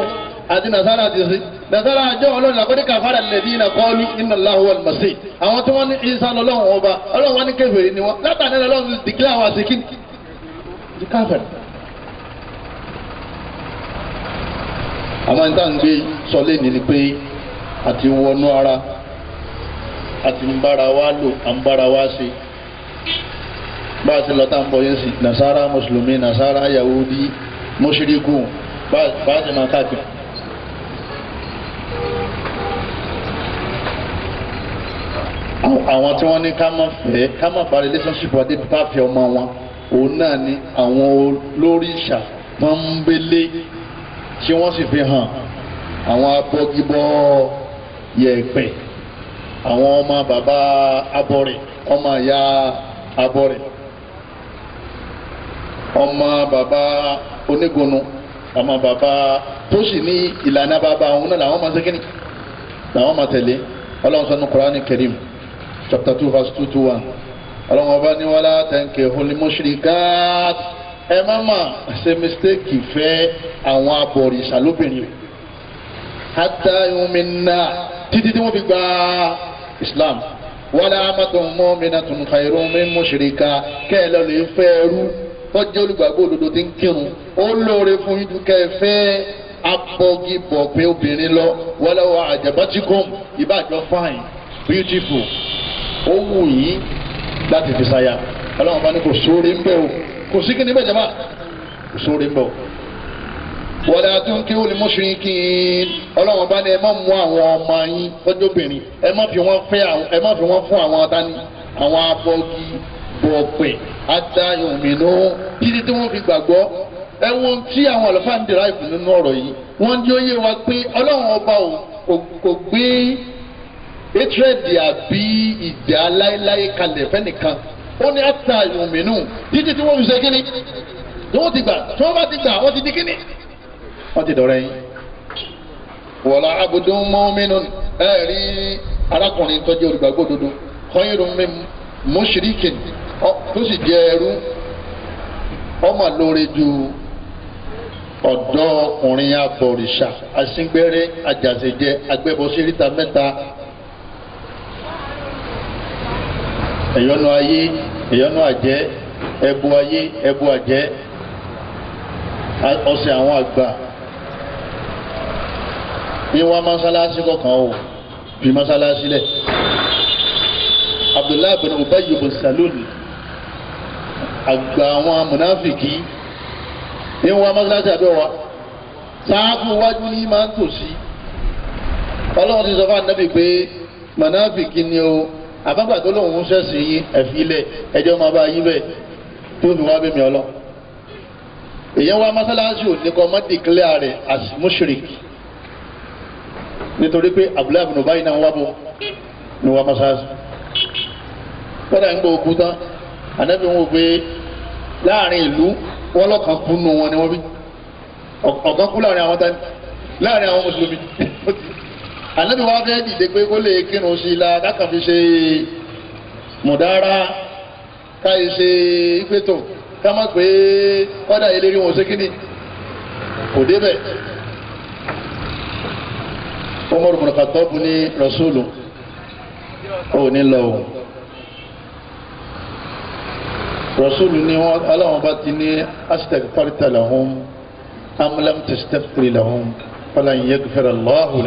àti nasara àti sí nasara àjọ ọlọ́run àkọ́dé kàfàrà lẹ́bí iná kọ́ọ́lù iná láhùn ọ̀lùmọ̀sí àwọn tí wọ́n ní ìsàn ọlọ́run ọba ọlọ́run wọn ní kèfèrí ni wọn látàní ọlọ́run dìkílà àwọn àti kíkì recovered. àwọn ìta ń gbé sọlé ní ni pé ti wọnú ara àti ń bára wa lò à ń bára wa ṣe bá a ti lọ tá à ń bọ yẹn sí nasara mùsùlùmí nasara yahudi mọ́ṣíríkù bá a ti máa káàkiri. àwọn tí wọ́n ní ká má fẹ́ ká má ba relationship wa débi ká fẹ́ ọmọ wọn òun náà ni àwọn olóríṣà pọ́nbélé tí wọ́n sì fi hàn àwọn abọ́gibọ́ yẹ̀pẹ̀ àwọn ọmọ bàbá abọ́rẹ̀ ọmọ ìyá abọ́rẹ̀ ọmọ bàbá onígunnu ọmọ bàbá tó sì ní ìlànà bàbá òun náà làwọn máa ṣe kíni làwọn máa tẹ̀lé ọlọ́run sọ́nù Kùránì Kẹ́rímù chapter two verse two two one ọlọ́run ọba ní wàlá tẹ̀ǹkẹ̀ olùmọ̀ṣirikát ẹ má mà ṣe mistake fẹ́ àwọn abọ̀rìṣà lóbìnrin hatta yumina títí tí wọ́n fi gba islam wàlá amatun mu'minatun khairun min mushrika kẹ́ ẹ lọ́ọ́ lè fẹ́ ẹrú tọ́jú olùgbàgbọ́ òdodo tí ń kírun ó lóore fún yín dúkẹ́ fẹ́ abọ́gibọ̀ pé obìnrin lọ wọ́lọ́wọ́ àjàbátíkùn ìbàjọ́ fine beautiful ó wù yín láti fi sáyà ọlọ́run bá ní kò sóore ń bẹ̀ o kò sí kíni bẹ́ẹ̀ jẹ́ máa kò sóore ń bẹ̀ o. wọ́n á tún kí ó lè mú ṣe kí ọlọ́run bá ní ẹ má mú àwọn ọmọ yín lọ́jọ́bìnrin ẹ má fi wọ́n fẹ́ ẹ má fi wọ́n fún àwọn atání àwọn abọ́gi bọ̀ọ̀pẹ̀ adáyọ̀mìnú títí tí wọ́n fi gbàgbọ́ ẹ wo tí àwọn àlùfáà ń dèrà ìfún nínú ọ̀rọ̀ yìí wọ́n jẹ́ ó yé wa pé ọlọ́run ọba ò gbé etrẹ́dì àbí ìdá láéláé kalẹ̀ fẹ́nìkan ó ní ata ìhùnmínú títí tí wọ́n fi ṣe kíni tí wọ́n ti gbà tí wọ́n bá ti gbà wọ́n ti di kíni. wọ́n ti dọ̀rẹ́ yín. wọ́lá abudu mọ́mínú ẹ rí arákùnrin tó jẹ́ olùgbàgbọ́ òdodo kọ́yìnrún mi mọ́ṣíríkìn tó sì jẹ́ ẹrú ọmọ lóore ju ọ̀dọ́ ọkùnrin abọ̀rìṣà asíngbẹ́rẹ́ ajàṣẹjẹ agbẹ́bọsíríta mẹ́ta ẹ̀yọ́nú ayé ẹ̀yọ́nú àjẹ́ ẹ̀bù ayé ẹ̀bù àjẹ́ ọ̀sẹ̀ àwọn àgbà bí wọ́n mọ́sálásí kọ̀ọ̀kan o bí mọ́sálásí lẹ̀ Abdullahi bin Ubayy bin Salul àgbà àwọn amúnáfìkì ní wọ́n mọ́sálásí àbẹ́ wa sáàkù wájú yìí máa ń tòṣì ọlọ́run ti sọ fún ànábì pé mọ̀náfìkì ni o àbágbà tó lóun ń ṣẹ̀sìn yín ẹ̀fí ilẹ̀ ẹjọ́ máa bá yín bẹ́ẹ̀ tó fi wá bẹ́mi ọlọ́ èèyàn wá mọ́sálásí ò ní kọ́ mọ́ dìklẹ́ rẹ̀ as mushrik nítorí pé abdullahi ibn Ubayy náà wá bọ̀ ní wá mọ́sálásí kọ́dà ń gbọ́ òkú tán ànábì wọn ò pé láàrin ìlú wọn lọ́kàn kú nù wọn ni wọ́n bí ọ̀kan kú láàrin àwọn tán láàrin àwọn mùsùlùmí ànábì wa fẹ́ dìde pé kó lè kírun sí i la kákan fi ṣe mùdára káyé ṣe ìpètò ká má pé kọ́dà yìí lè rí wọn ṣe kí ni kò débẹ̀. Umar bin Khattab ní rasulu ò ní lọ o ni wọn aláwọn bá ti ní astaghfarta lahum am lam tastaghfir lahum falan yaghfir Allahu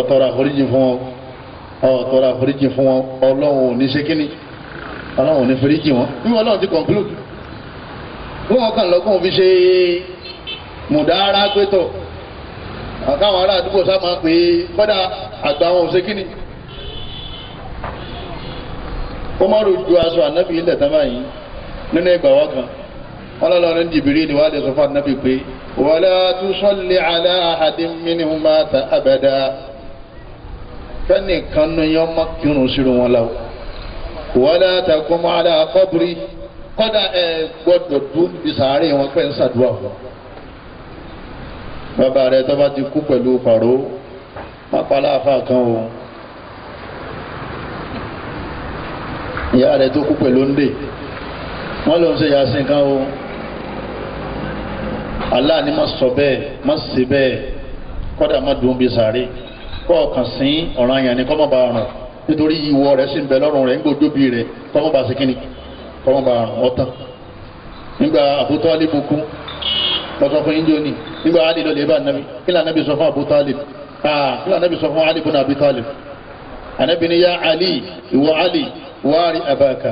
ọtọrọ àforíjì fún wọn ọtọrọ àforíjì fún wọn Ọlọ́run ò ní ṣe kíni Ọlọ́run ò ní foríjì wọn bí wọn Ọlọ́run ti conclude bí wọn kàn lọkùn fi ṣe mùdára gbẹtọ àkàwọn ará àdúgbò sá máa pè àgbà wọn ò ṣe kíni kọmọrò ju aṣọ ànábì ilẹ̀ tán báyìí nínú ìgbà wa kan ọlọ́lọ́rin jìbìrì ni wàá lè sọ fún ànábì pé wàlá tusalli ala ahadin minhum mata abada kẹ́nìkan nu yẹn ọmọ kírun sírun wọn la o wàlá takùnmọ́ àlà kọ́bùrì kọ́dà ẹ gbọ́dọ̀ dún bisàárẹ̀ wọn pẹ́ ń ṣàdúrà fún bàbá rẹ tó bá ti kú pẹ̀lú pàrọ̀ má palá àfa kan o ìyá rẹ tó kú pẹ̀lú ń dè wọ́n ló yasin kan o Allah ni sọ bẹ́ẹ̀ má ṣe bẹ́ẹ̀ kọ́dà má dùn bisàárẹ̀. kọ̀ọ̀kan sí ọ̀ràn yẹn ni kọ́mọ̀ bá rùn nítorí ìwọ rẹ̀ sì ń bẹ lọ́rùn rẹ̀ ń gbòdóbi rẹ̀ kọ́mọ̀ bá bá Ali nàbí kílà nàbí sọ fún kílà nàbí sọ fún bùnà ànábì ni ya Ali ìwọ Ali wàárí abaka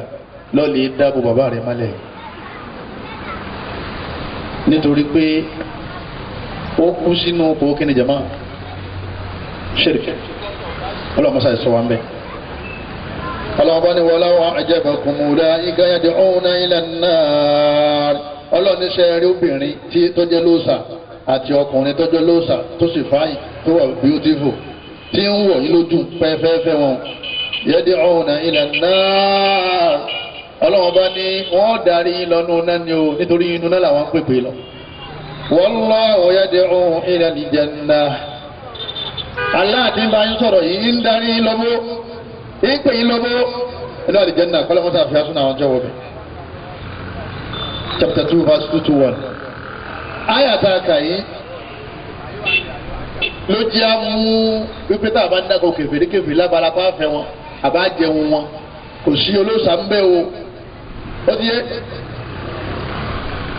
lọ́lẹ̀ dáàbò bàbá rẹ̀ mọ́lẹ̀ nítorí pé ó kú sínú ṣirki ọlọ́mọṣà ẹ̀sọ́ wa ń bẹ. ọlọ́mọba ni wọlé wa àjẹbẹ kùmùdá igi ayẹyẹ ọ̀hún ilẹ̀ náà ọlọ́ọ̀niṣẹ́ rí obìnrin tó jẹ́ lóòsà àti ọkùnrin tó lóòsà tó sì fáyìn tó wà beautiful tí ń wọ̀ yín lójú fẹ́ẹ́fẹ́ẹ́fẹ́ wọn yẹ́dẹ̀ ọ̀hún ilẹ̀ náà ọlọ́wọ́n bá ní wọ́n darí lọ́nu náà ni o nítorí inú náà làwọn pèpè lọ. wallahu yad'u ila al-jannah. Allah ń bá yín sọ̀rọ̀ ń darí yín lọ́wọ́ ń pè yín lọ́wọ́ inú àlìjẹ́nà kọ́lọ́mọ́sá àfihàn sún àwọn chapter two verse two two one. àyà tá a kà yìí ló jẹ́ mú wípé tá a bá ń dàgbọ́ lábala wọn àbá jẹun wọn kò sí bẹ́ o ó ti yé.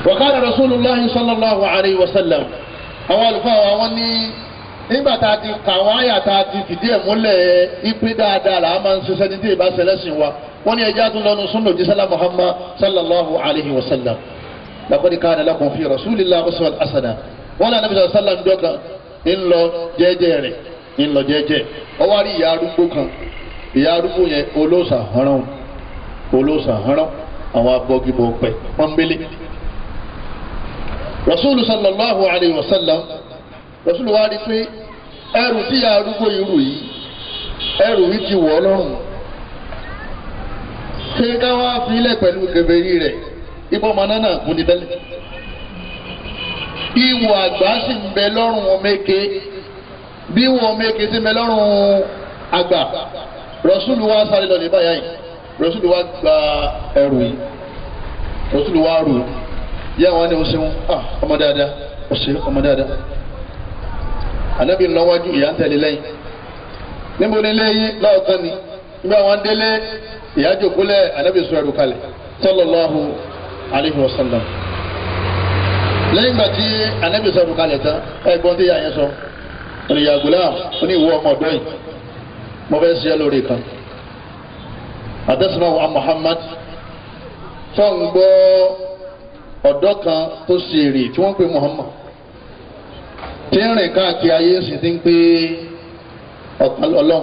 wa kana rasulullahi sallallahu alayhi wa nígbà tá a ti kàwọn àyà tá a ti fìdí ẹ̀ múlẹ̀ ipe dáadáa là á máa ń ṣiṣẹ́ ní tí ìbá ṣẹlẹ́sìn wa wọ́n ní ẹja tó lọ́nu súnà òjísàlá muhammad sallallahu alayhi wa sallam laqad kana lakum fi rasulillah uswatun hasanah wọ́n lànà bí sàlám dọ́kà ńlọ jẹ́jẹ́ rẹ̀ ńlọ jẹ́jẹ́ ọwọ́ rí ìyá arúgbó kan ìyá arúgbó yẹn olóòsà hánrán olóòsà hánrán àwọn abọ́gibọ̀ pẹ̀ pọ́nbélé rasulillah sallallahu alayhi wa sallam Rasul wa rí pé ẹrù tí ìyá arúgbó irú yìí ẹrù yìí ti wọ̀ lọ́rùn ṣé ká wá filẹ̀ pẹ̀lú kèfèrí rẹ̀ ibọ̀ ọmọ náà náà kú ní bẹ́lẹ̀ ìwọ àgbà sì ń bẹ lọ́rùn ọmọ èké bí wọn ọmọ èké ti ń bẹ lọ́rùn àgbà Rasul wa sáré lọ ní báyà yìí Rasul wa gba ẹrù yìí Rasul wa rù yíyá wọn ni ó ṣeun ah, ọmọ dáadáa ó ọmọ dáadáa. anabi ńlọwájú ìyá ń tẹ̀lé lẹ́yìn níbo ni léyìn lọ́ọ̀kan ni nígbà wọn délé ìyá jòkólẹ̀ anabi sọ ẹrù kalẹ̀ sallallahu alaihi wasallam lẹ́yìn gbà tí anabi sọ kalẹ̀ tán ẹgbọ́n tí ìyá yẹn sọ oní ìwọ ọmọ yìí mo fẹ́ ṣe é lórí kan adásùnmáwò Muhammad fọ́n gbọ́ ọ̀dọ́ kan tó ṣe èrè tí Muhammad. tí ń rìn káàkiri ayé sì ti ń pé ọ̀kan lọ́lọ́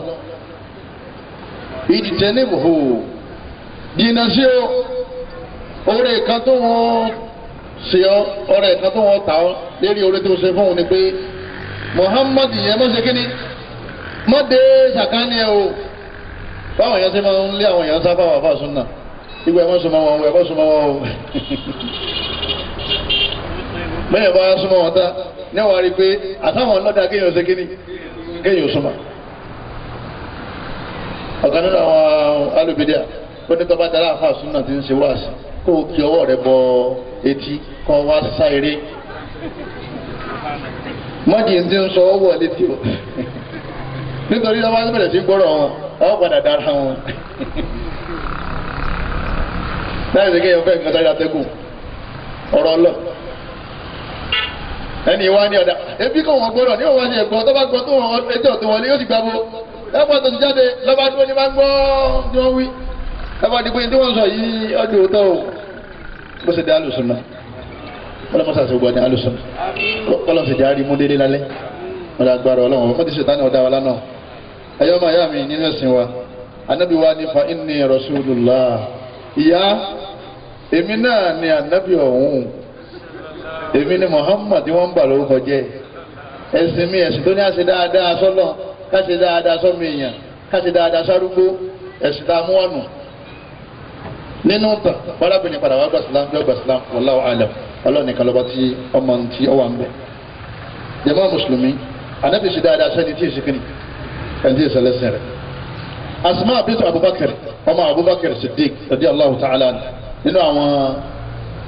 ìdìtẹ́nìmùhù jìnnà sí o orí ìkan tó wọn ṣe ọ ọ̀rẹ́ ìkan tó wọn tà ọ lérí orí tó ṣe fún òun ni pé Muhammad yẹn mọ̀ ṣe kí ni mọ̀ dé ṣàkánì ẹ o báwọn yẹn ṣe máa ń lé àwọn yẹn sábà wà fásun náà ìgbà ẹ̀ mọ̀ sọmọ wọn o ẹ̀ mọ̀ sọmọ wọn o bẹ́ẹ̀ bá sọmọ wọn tá. níwọ̀n rí pé àtàwọn ọlọ́dà kéèyàn ṣe kíní kéèyàn súnmọ́. ọ̀kan nínú àwọn alùpùpù ó ní tọ́ba dára àfa súnà ti ń ṣe wáàsì kó rẹ bọ etí kọ́ wá sá eré. mọ́jì ń ti ń sọ ọwọ́ létí o nítorí ọba bẹ̀rẹ̀ sí gbọ́rọ̀ wọn padà dára wọn. láì sáré atẹ́kùn ọ̀rọ̀ ẹni wá ní ọ̀dà ebi kò wọ́n gbọ́dọ̀ ní òwò ẹ̀gbọ́n tó bá gbọ́ tó wọn ẹjọ́ tó wọlé yóò ti gbàgbó ẹ̀gbọ́n tó ti jáde lọ́ba dúró ní bá gbọ́ wọ́n wí o bó ṣe dé alùsùn náà wọ́n mọ̀ sàṣẹ̀ gbọ́dọ̀ alùsùn kọ́lọ́ ṣe jáde mú délé lálẹ́ wọ́n dà gbàrọ̀ ọlọ́run wọ́n èmi ni Muhammad wọ́n ń bà lórúkọ jẹ́ ẹ̀sìn mi ẹ̀sìn tó ní àṣẹ dáadáa sọ́lọ̀ káṣe dáadáa sọ́mi èèyàn káṣe dáadáa sárúgbó ẹ̀sìn tá a mú ọ̀nà nínú tàn wọ́lábìnrin padà wá gbàsílám yọ gbàsílám wallahu alam ọlọ́ọ̀ni kan lọ́ba tí ọmọ ti ọwà ń bẹ̀. jàmá mùsùlùmí anábì ṣe dáadáa sẹ́ni tí ìsìnkiri ẹni tí ìsẹ̀lẹ̀sìn rẹ̀. asma abitu abubakar ọmọ abubakar siddiq radiyallahu ta'ala nínú àwọn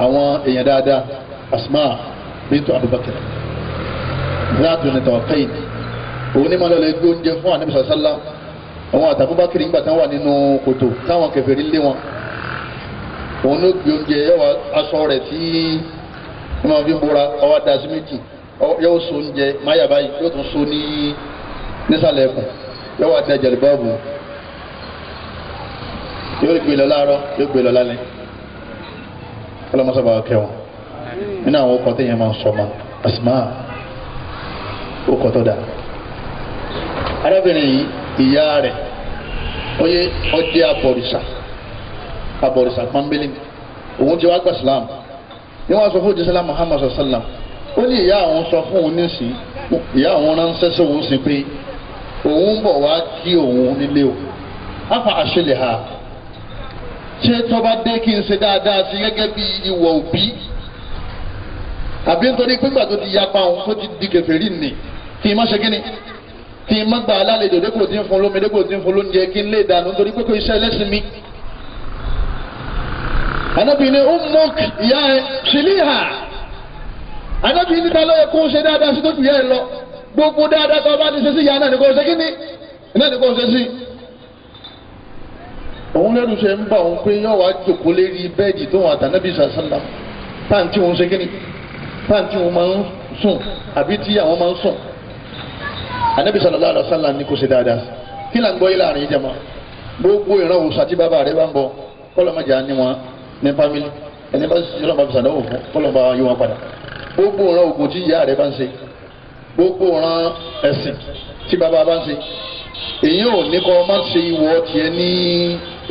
àwọn èèyàn dáadáa asma bintu abubakar zaatu ni tawakain òun ni malọlẹ gbé oúnjẹ fún anabi sàlá àwọn àtàbúbakar nígbà táwọn wà nínú kòtò táwọn kèfèrí lé wọn òun ló gbé oúnjẹ yọwọ aṣọ rẹ̀ tí wọn máa fi ń bora ọwọ adásí méjì yóò so oúnjẹ máyà báyìí yóò tún so ní nísàlẹ̀ ẹkùn yọwọ àti ẹjẹrì báàbù yóò gbé lọ láàárọ̀ yóò gbé lọ lálẹ́ ọlọmọsọba kẹwọn. nínú àwọn ọkọ̀ tẹ̀yẹ̀ máa ma àsìmá ó kọ́ tó dà òun ti wá ni fún sallam ó ní ìyá àwọn sọ fún òun nísìn ìyá àwọn ránṣẹ́ sí òun pé òun bọ̀ wá afa àṣẹlẹ̀ ha ṣé dé kí n ṣe dáadáa sí gẹ́gẹ́ bí àbí nítorí pé gbàtó ti yapa òun tó ti di kèfèrí nì kí n má ṣe kíni kí n má gba alálejò dépò tí ń fún lómi dépò tí ń fún lóúnjẹ kí n lè dànù nítorí pé kò iṣẹ́ ẹlẹ́sìn mi. Ànábì ni ummuk ìyá ẹ ṣìlíhà Ànábì níta ló yẹ kó ṣe dáadáa sí tó ju yẹ lọ gbogbo dáadáa tó bá ti ṣe sí ìyá náà ni kò ṣe kíni náà ni kò ṣe sí òun lẹ́nu ṣe ń bá òun pé yọ̀wá jòkó lérí bẹ́ẹ̀dì tó wọn àtànábì sàṣàlá táǹtí òun ṣe kíni pàǹtí wọn máa ń sùn àbí tí àwọn máa ń sùn anabi sallallahu alaihi wasallam ní kò ṣe dáadáa kí là ń gbọ́ yìí láàrin gbogbo ìran òòsàn tí bàbá rẹ bá ń bọ kọlọmọjà ni wọn ní fámìlì ẹni bá ṣe lọ́ba bisàn lọ́wọ́ fún kọlọmọba yí wọn padà gbogbo ìran ògùn tí ìyá rẹ bá ń ṣe gbogbo ìran ẹ̀sìn tí bàbá bá ń ṣe èyí ò ní kọ́ má ṣe ìwọ tiẹ̀ ní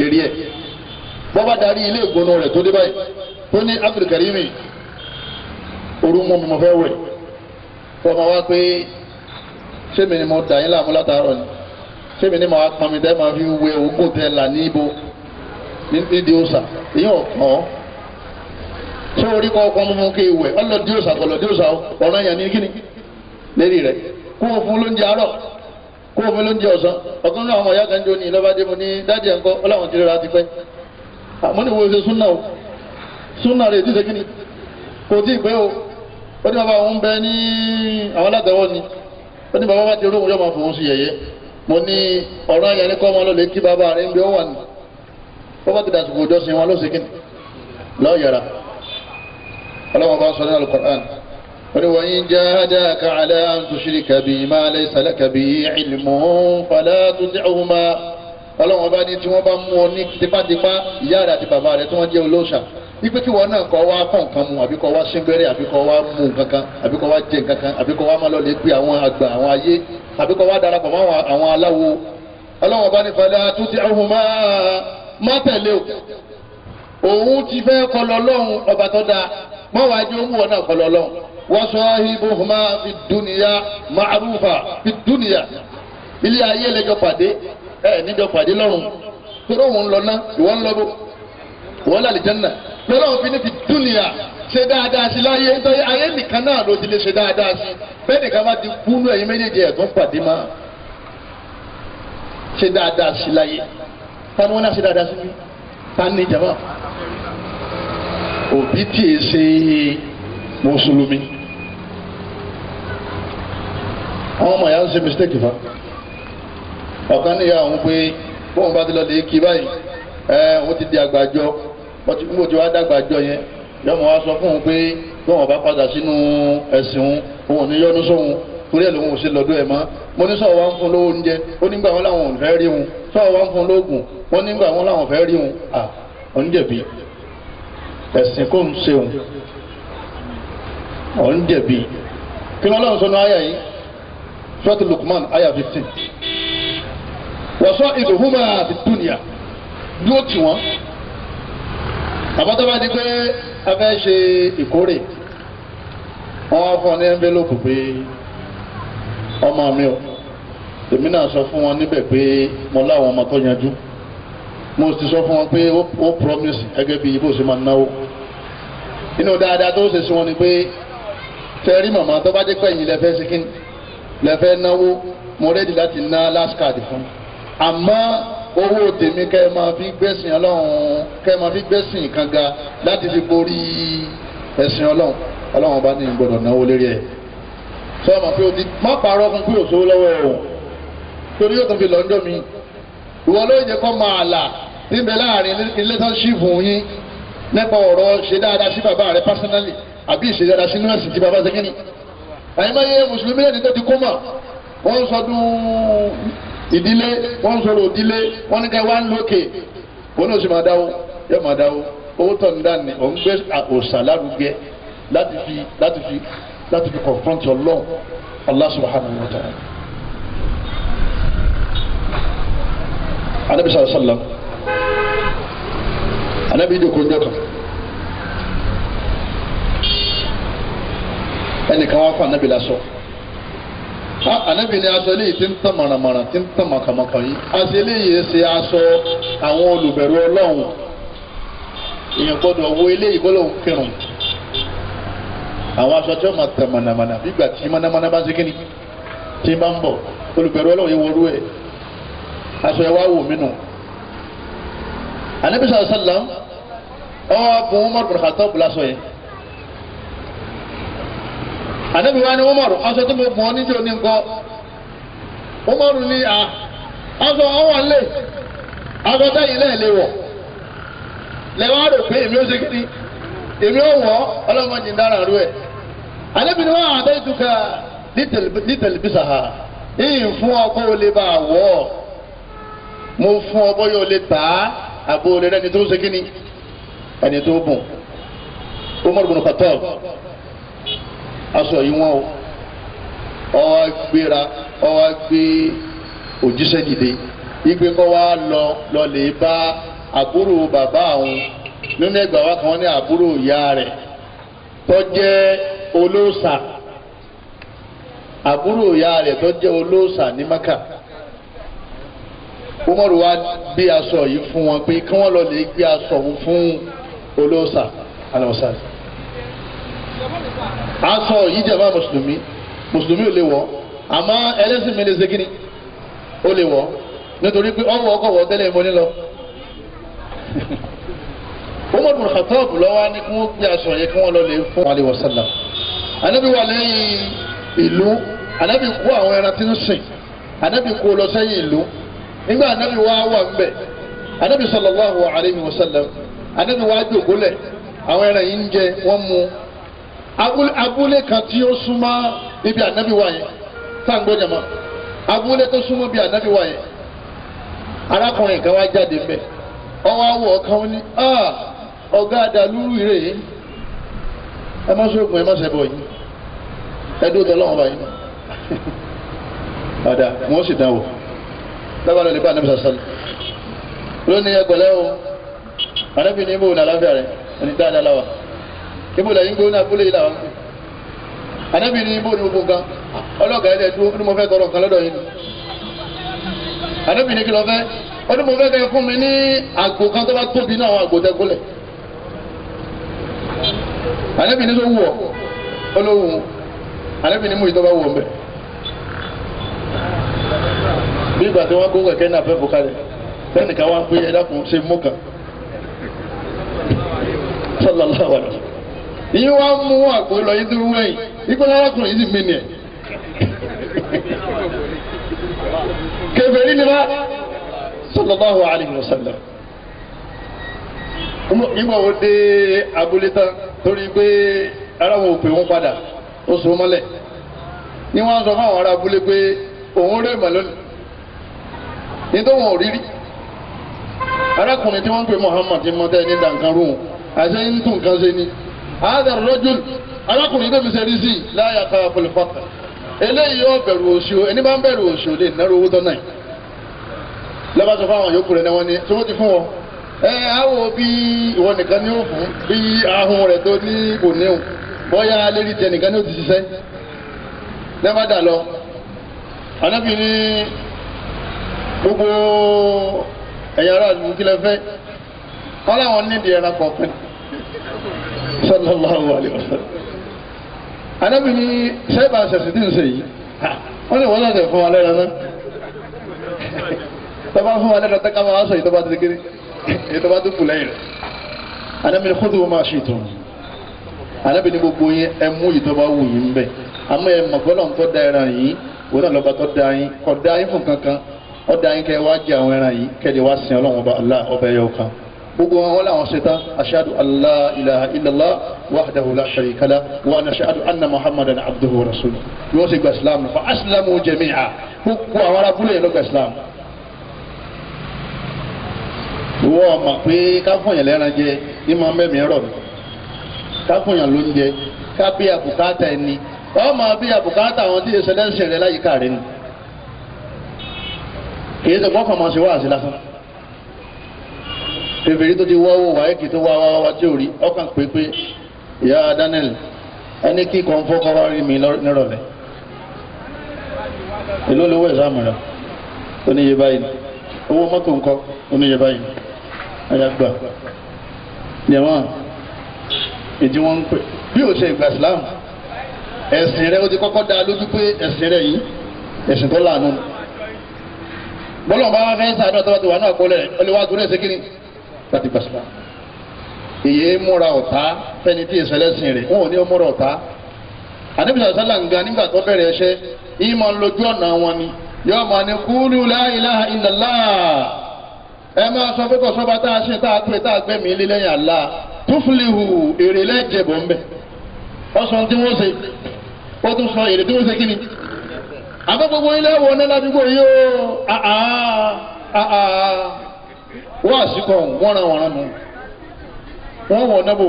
èrè ẹ̀ bọ́bá darí ilé ìgbóná rẹ̀ tó dé báyìí tó ní áfíríkà rí mi orú mú mi mo fẹ́ wẹ̀ wọ́n máa wá pé fẹ́mi ni mo dà yín láàmú látàárọ̀ ni ni pọnmi máa fi wẹ ogún tẹ́ là ní ibo nídìí òòsà èyí ọ̀kan ṣé orí kọ́ ọkọ mímú kí ewẹ̀ ọlọ́dí òòsà kọlọ́dí ọ̀rọ̀ yẹn o fún o fún lóúnjẹ ọ̀sán ọ̀kan náà àwọn ọ̀yá kan jó ní dájì ẹ̀ ń kọ́ ti ni wo ṣe súnà o súnà rẹ̀ ti ṣe kíni kò tí ì o. ó ní bàbá òun bẹ ní àwọn alátẹ̀wọ́ ni ó ní bàbá bá ti olóhùn yóò máa fòun sí yẹ̀yẹ́ mo ní ọ̀rọ̀ ayẹyẹ ní kọ́ ọmọ ló lè kí bàbá rẹ̀ ń bí ó wà ní bàbá ti dàsùkò ìjọsìn wọn ló lọ́ọ̀ yàrá ọlọ́wọ́n bá sọ ní alukur'an ó ní wọ́n yín jahadaka ala an tushrika bi ma laysa laka bi ilmun fala tuti'huma ọlọ́wọ́n bá ní tí wọ́n bá mú ọ ní tipátipá ìyá rẹ̀ àti bàbá rẹ̀ tí wọ́n jẹ́ olóòṣà ipe tí wọn náà kọ wá kọ nǹkan mu àbí kọ wá síngbẹ́rẹ́ àbí kọ wá mú nǹkan kan àbí kọ wá jẹ nǹkan kan àbí kọ wá má lọ lè pe àwọn àgbà àwọn ayé àbí wá darapọ̀ mọ́ àwọn aláwo ọlọ́wọ́n bá ní falẹ̀ àtúntì ọ̀hún má má tẹ̀lé o òun ti fẹ́ kọlọ lọ́hùn ọba tó dáa mọ́ wàá jẹ́ òun wọ̀ náà kọlọ lọ́hùn wọ́n sọ ibuhuma fi dúnìyà ma'arufa fi dúnìyà ilé ayé lẹ́jọ́ pàdé ẹ̀ níjọ́ pàdé lọ́rùn tó wọ́n lálẹ́ jẹ́nà lọ́dọ̀ òfin ní fi dúnìyà ṣe dáadáa sí láyé nítorí ayé nìkan náà ló ti lè ṣe dáadáa sí bẹ́ẹ̀ nìkan bá ti kúnú ẹ̀yin méjèèjì ẹ̀tún pàdé má ṣe dáadáa sí láyé tani wọn náà ṣe dáadáa sí mi tani jama òbí tí ì ṣe mùsùlùmí àwọn ọmọ yà ń ṣe mistake fa ọ̀kan níyà òun pé bóun bá ti lọ lè kí báyìí ẹ̀ òun ti di àgbàjọ bọ́tí bí mo ti wá dàgbà jọ yẹn yọmọ wa sọ fún un pé bí wọn bá padà sínú ẹ̀sìn òun òun ní yọnu sóhun torí ẹ lòun ò ṣe lọ́dọ̀ ẹ̀ mọ́ mo ní sọ̀rọ̀ wa ń fún lówó oúnjẹ ó nígbà wọn làwọn ò fẹ́ rí wọn sọ̀rọ̀ wa ń fún lóògùn wọn nígbà wọn làwọn ò fẹ́ rí wọn à oúnjẹ̀bi ẹ̀sìn kò ń ṣe wọn oúnjẹ̀bi kí ni ọlọ́run sọnù àyà yìí sọ́ọ̀tì Lukman àyà fifteen wọ́n sọ ìdòhùnmá àti dúnìyà dúró tì àmọ́ tó bá di pé a fẹ́ ṣe ìkórè wọ́n fún ọ ní ẹ́ńbélópù pé ọmọ mi o èmi náà sọ fún wọn níbẹ̀ pé mo láwọn ọmọ tó yanjú mo sì sọ fún wọn pé ó promise gẹ́gẹ́ bí ibo ṣe máa náwó inú dáadáa tó ṣe sí wọn ni pé fẹ́ rí màmá tó bá dé pẹ̀yìn lẹ́fẹ́ síkín lẹ́fẹ́ náwó mo rẹ́dì láti ná last card fún àmọ́ owó tèmi kẹ́ ẹ máa fi gbẹ̀sìn ọlọ́run kẹ́ ẹ máa fi gbẹ̀sìn kan láti fi borí ẹ̀sìn ọlọ́run ọlọ́run bá ní gbọ́dọ̀ náwó lérí ẹ̀ sọ ma pé o má parọ́ fún pé òṣòwò lọ́wọ́ o torí yóò tún fi lọ́ńdọ̀ mi ìwọ ló yẹ kó máa là níbẹ̀ láàrin relationship yín nípa ọ̀rọ̀ ṣe dáadáa sí bàbá rẹ personally àbí ìṣe dáadáa sí nọ́ọ̀sì tí bàbá ṣe kí ni àyè ìdílé wọ́n ń sọ̀rọ̀ ìdílé wọ́n ní ká wá ń lókè wọn náà sì máa dáwó yóò máa dáwó owó tó ń dá ni òun gbé òòsà lárugẹ láti fi láti fi láti fi confront Ọlọ́run Allah subhanahu wa ta'ala. anabi sallallahu alaihi wa sallam anabi ìdè kòjọ kan wá fún anabi lásán ànábì ni aṣọ eléyìí ti ń tàn mọ̀nàmọ̀nà ti ń tàn mọ̀kàmọ̀kà yìí aṣọ eléyìí ṣe aṣọ àwọn olùbẹ̀rù ọlọ́run èèyàn gbọ́dọ̀ wo eléyìí bọ́lọ̀ ń kírun àwọn aṣọ tí wọ́n máa tàn mọ̀nàmọ̀nà bígbà tí mọ̀nàmọ̀nà bá ń ṣe kíni tí ń bá ń bọ̀ olùbẹ̀rù ọlọ́run yìí wọlú ẹ̀ aṣọ ẹ̀ wá wò mí nù ànábì sàlám ọ̀ọ́ bùn mọ́tò ànábì wa ni Umaru aṣọ tó mo gbọ́n níjó ní nǹkan Umaru ni a aso ọwọ́ ńlẹ̀ aṣọ tẹ́yìn náà lè wọ̀ lẹ́wọ́n á rò pé èmi ó ṣe kí ni èmi ó wọ̀ ọlọ́mọ jìn dára rú ẹ̀ ànábì ni wọ́n àbẹ́ ìdúkà ní tẹlifísà ha yìí fún ọkọ olè bá wọ̀ ọ́ mo fún ọ bọ́yọ̀ olè tà á àbò rẹ ẹni tó ṣe kí ni ẹni tó bùn Umaru bin Khattab aṣọ yìí wọ́n o ọwọ́ gbéra ọwọ́ gbé òjíṣẹ́ dìde ìgbé kọ́ wa lọ lọlẹ̀ bá àbúrò bàbá àwọn nínú ẹgbà wa kan ní àbúrò ìyá rẹ̀ tó jẹ́ olóòṣà àbúrò ìyá rẹ̀ tó jẹ́ olóòṣà ní maka umaru wa gbé aṣọ yìí fún wọn pé kí wọ́n lọ lè gbé aṣọ òun fún olóòṣà alọ́sàdì aṣọ yìí jàmbá mùsùlùmí mùsùlùmí ò lè wọ̀ àmọ́ ẹlẹ́sìn mi lè ṣe kíni ó lè wọ̀ nítorí pé ọwọ́ ọkọ̀ wọ̀ tẹ́lẹ̀ mo ní lọ. Umar bin Khattab lọ́wọ́ ni kí wọ́n gbé aṣọ yẹn kí wọ́n lọ lè fún wa lè anabi wà lẹ́yìn ìlú anabi kó àwọn ẹran tí ń sìn anabi kó lọ sẹ́yìn ìlú nígbà anabi wá wà mbẹ anabi sallallahu alayhi wa sallam anabi wá jòkó lẹ̀ àwọn ẹran yìí ń jẹ wọ́n mu abúlé kan tí ó súnmọ́ ibi ànábì wa yẹn tá à ń gbọ́ jàmọ́ abúlé tó súnmọ́ ibi ànábì wa yẹn arákùnrin kan wá jáde mbẹ ọwọ́ awọ ọ̀kan ó ní ah, ọ̀gá àdàlúrú rè é ẹ má sọ̀rọ̀ ẹ má sẹ́bọ̀ yìí ẹ dúró tọ́ lọ́wọ́ báyìí padà wọ́n sì dánwò lábàlọ́ lè bá ànábì sàṣàlù lónìí ẹgbẹ̀lẹ́ o ànábì ní ibò ní àlàáfíà rẹ̀ ẹni dáadáa láwà ibo lẹ́yìn gbóná abúlé yìí làwọn ń pè ànábì ní ibo ní gbogbo nǹkan ọlọ́gàá ilé ẹ̀dúró ní mo fẹ́ tọrọ nǹkan lọ́dọ̀ yìí ànábì ní kí lọ fẹ́ ó ní mo fẹ́ kẹ́ fún mi ní àgbò kan tó bá tóbi ní àwọn àgbò tẹ́kúlẹ̀ ànábì ní tó wù ọ́ olówó ànábì ní mú ìtọ́ bá wù ọ́ mbẹ́ bí ìgbà tí wọ́n kó kẹ̀kẹ́ náà fẹ́ fò kalẹ̀ sẹ́nìkan wá ń pè é dákun ṣe mú kan sallallahu alaihi ìyẹn wá mú àpò lọ yín tó ń wẹ̀yìn ikú lọ́kùnrin yìí sì mí nìyẹn. kèfèrí ni bá sallallahu alayhi wa sallam nígbà wo dé abúlé tán torí pé ara wọn ò pè wọn padà ó so mọ́lẹ̀ ni wọ́n sọ fún àwọn ará abúlé pé òun rẹ̀ mọ̀ lónìí nítorí wọn ò rí arákùnrin tí wọ́n ń pè Muhammad mọ́tẹ́ ní dàǹkan rúhùn àṣẹ ń tún nǹkan ṣe ni. hàdà rọ́jùl arákùnrin tó fi sẹ́rí sí láyà ká pẹ̀lúpàtà eléyìí yóò bẹ̀rù òṣù ẹni bá ń bẹ̀rù òṣù lè náró owó tọ́nà yìí lọ́ba sọ fáwọn yòókù rẹ̀ náà wọ́n ní tí wọ́n ti fún wọn ẹ awo bí ìwọ nìkan ní òfun bí ahun rẹ̀ tó ní òníhùn bọ́yá lérí tẹ nìkan ní òtún ṣiṣẹ́ lẹ́fà dà lọ anábì ní gbogbo ẹ̀yà aráàlú kílẹ̀ fẹ́ wọ́n láwọn nídìí sallallahu alayhi wa sallam anabi ni sẹ́ẹ̀bà àṣẹ̀sì tí ń ṣe yìí wọ́n ní wọ́n náà tẹ̀ fún wa lẹ́ran náà tọ́ba fún wa lẹ́ran tẹ́ka máa sọ ìtọ́ba tó kéré ìtọ́ba tó kù lẹ́yìn rẹ̀ anabi ni kótó máa ṣe ìtọ́ anabi ni gbogbo yẹn ẹ mú ìtọ́ba wù yín bẹ́ẹ̀ àmọ́ ẹ mọ̀ gbọ́dọ̀ tó da ẹran yìí wọ́n náà lọ́ba tó da yín kọ̀ da yín fún kankan ọ̀ da yín kẹ́ wá jẹ àwọn ẹran yìí kẹ́ gbogbo wọn làwọn ṣe tán aṣáájú allah ilaha illallah wahdahu la sharika la wa ana aṣáájú anna muhammadan abduhu wa rasuluhu bí wọ́n ṣe gba islam fa aslamu jami'a gbogbo àwọn arábúlẹ̀ ló gba islam. wọ́n mọ̀ pé káfọ̀yàn lẹ́ran jẹ ní máa mẹ́mí ẹ̀rọ mi káfọ̀yàn ló ń jẹ ká bí àbùkátà ẹni wọ́n máa bí àbùkátà àwọn tí ìṣẹ̀lẹ̀ ń ṣẹlẹ̀ láyìíká rẹ̀ ni kì í ṣe gbọ́kànmọ́ ṣe wá àṣìlásán fèfèrè tó ti wọ́wọ́ wáyéèkì tó wá wá wá tí ò rí ọkàn pé ìyá Daniel ẹni kí kan fọ́kọ́ wá rí mi nírọ̀lẹ́ èló lówó ẹ̀sán mìíràn oníye báyìí owó mọ́tò ńkọ́ oníye báyìí ayagba yẹ̀wọ̀n ìdí wọn ń pè bí o ṣe ìgbà Islam ẹ̀sìn rẹ o ti kọ́kọ́ dá lójú pé ẹ̀sìn rẹ yìí ẹ̀sìn tó láàánú bọ́lọ̀ bá wá fẹ́ sàánú ọ̀tọ́ bá ti wà náà kọ́lẹ̀ ọlẹ́wà tó rẹ̀ ṣe kí láti gbà sílá èyí múra ọ̀tá fẹ́ni tí ìṣẹ̀lẹ̀sìn rẹ̀ wọn ò ní múra ọ̀tá àníbìsà sálà ń ga nígbà tó bẹ̀rẹ̀ ẹṣẹ́ yìí máa ń wọn ni yóò máa ní kúlù la ilaha illallah ẹ máa sọ pé tá a ṣe tá a tá a lẹ́yìn àlá èrè lẹ́jẹ̀ ń bẹ̀ ọ sọ tí wọ́n wọ́n àsìkò wọ́n ran wọ́n ran nu wọ́n wọ̀ nábò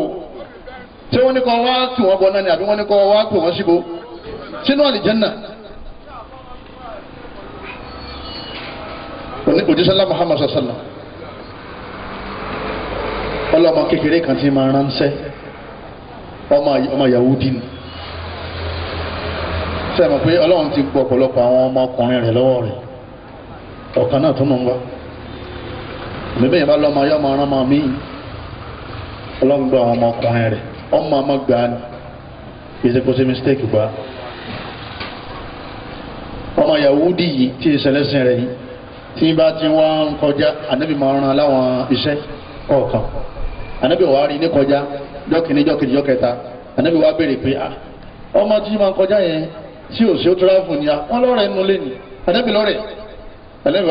ṣé wọ́n ní kọ́ wá tù wọ́n bọ̀ náà ni àbí wọ́n ní kọ́ wá tù wọ́n síbo sínú àlìjẹ́nà òjísọ́lá Muhammad sọ́sọ́lá ọlọ́mọ kékeré kan ti máa ránṣẹ́ ọmọ Yahudi ni sẹ́mi pé ọlọ́run ti gbọ́ ọ̀pọ̀lọpọ̀ àwọn ọmọkùnrin rẹ̀ lọ́wọ́ rẹ̀ ọ̀kan náà tó nù ń wá. bẹ́ẹ̀ yẹn bá lọ́mọ yọ ọmọ ọmọ àwọn ọmọkùnrin rẹ̀ ọmọ ọmọ gbà á kì mistake gbà ọmọ Yahudi yìí tí ìṣẹlẹsìn rẹ̀ yìí tí bá ti wá ń kọjá ànábì máa ran láwọn iṣẹ́ kọ̀ọ̀kan ànábì rí ní kọjá jọ́kìnní jọ́kìnní jọ́kẹta ànábì pé à ah, ọmọ tí máa kọjá yẹn tí ò sí ó tura fún ni à ah, wọ́n lọ́rẹ̀ẹ́ nulẹ̀ ànábì lọ́rẹ̀ẹ́ ànábì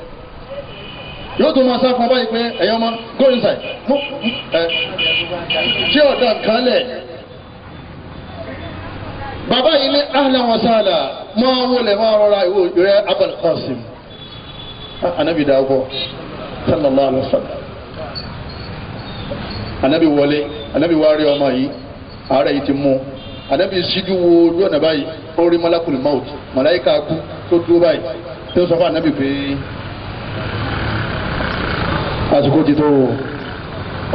yóò tún máa sá fún ọ báyìí pé ẹ̀yọ́ ọmọ go inside mú ẹ tí ọ̀dà kan lẹ̀. bàbá yìí ní ahlan wa sahla máa wọlé máa rọra ìwé rẹ Abul Qasim anabi dàgbọ́ sallallahu alaihi wa sallam anabi wọlé anabi wá rí ọmọ yìí àárẹ̀ yìí ti mú anabi ṣíjú wo ojú ọ̀nà báyìí ó rí malakul maut malayika kú tó dúró báyìí tó sọ fún anabi pé àsìkò ti tó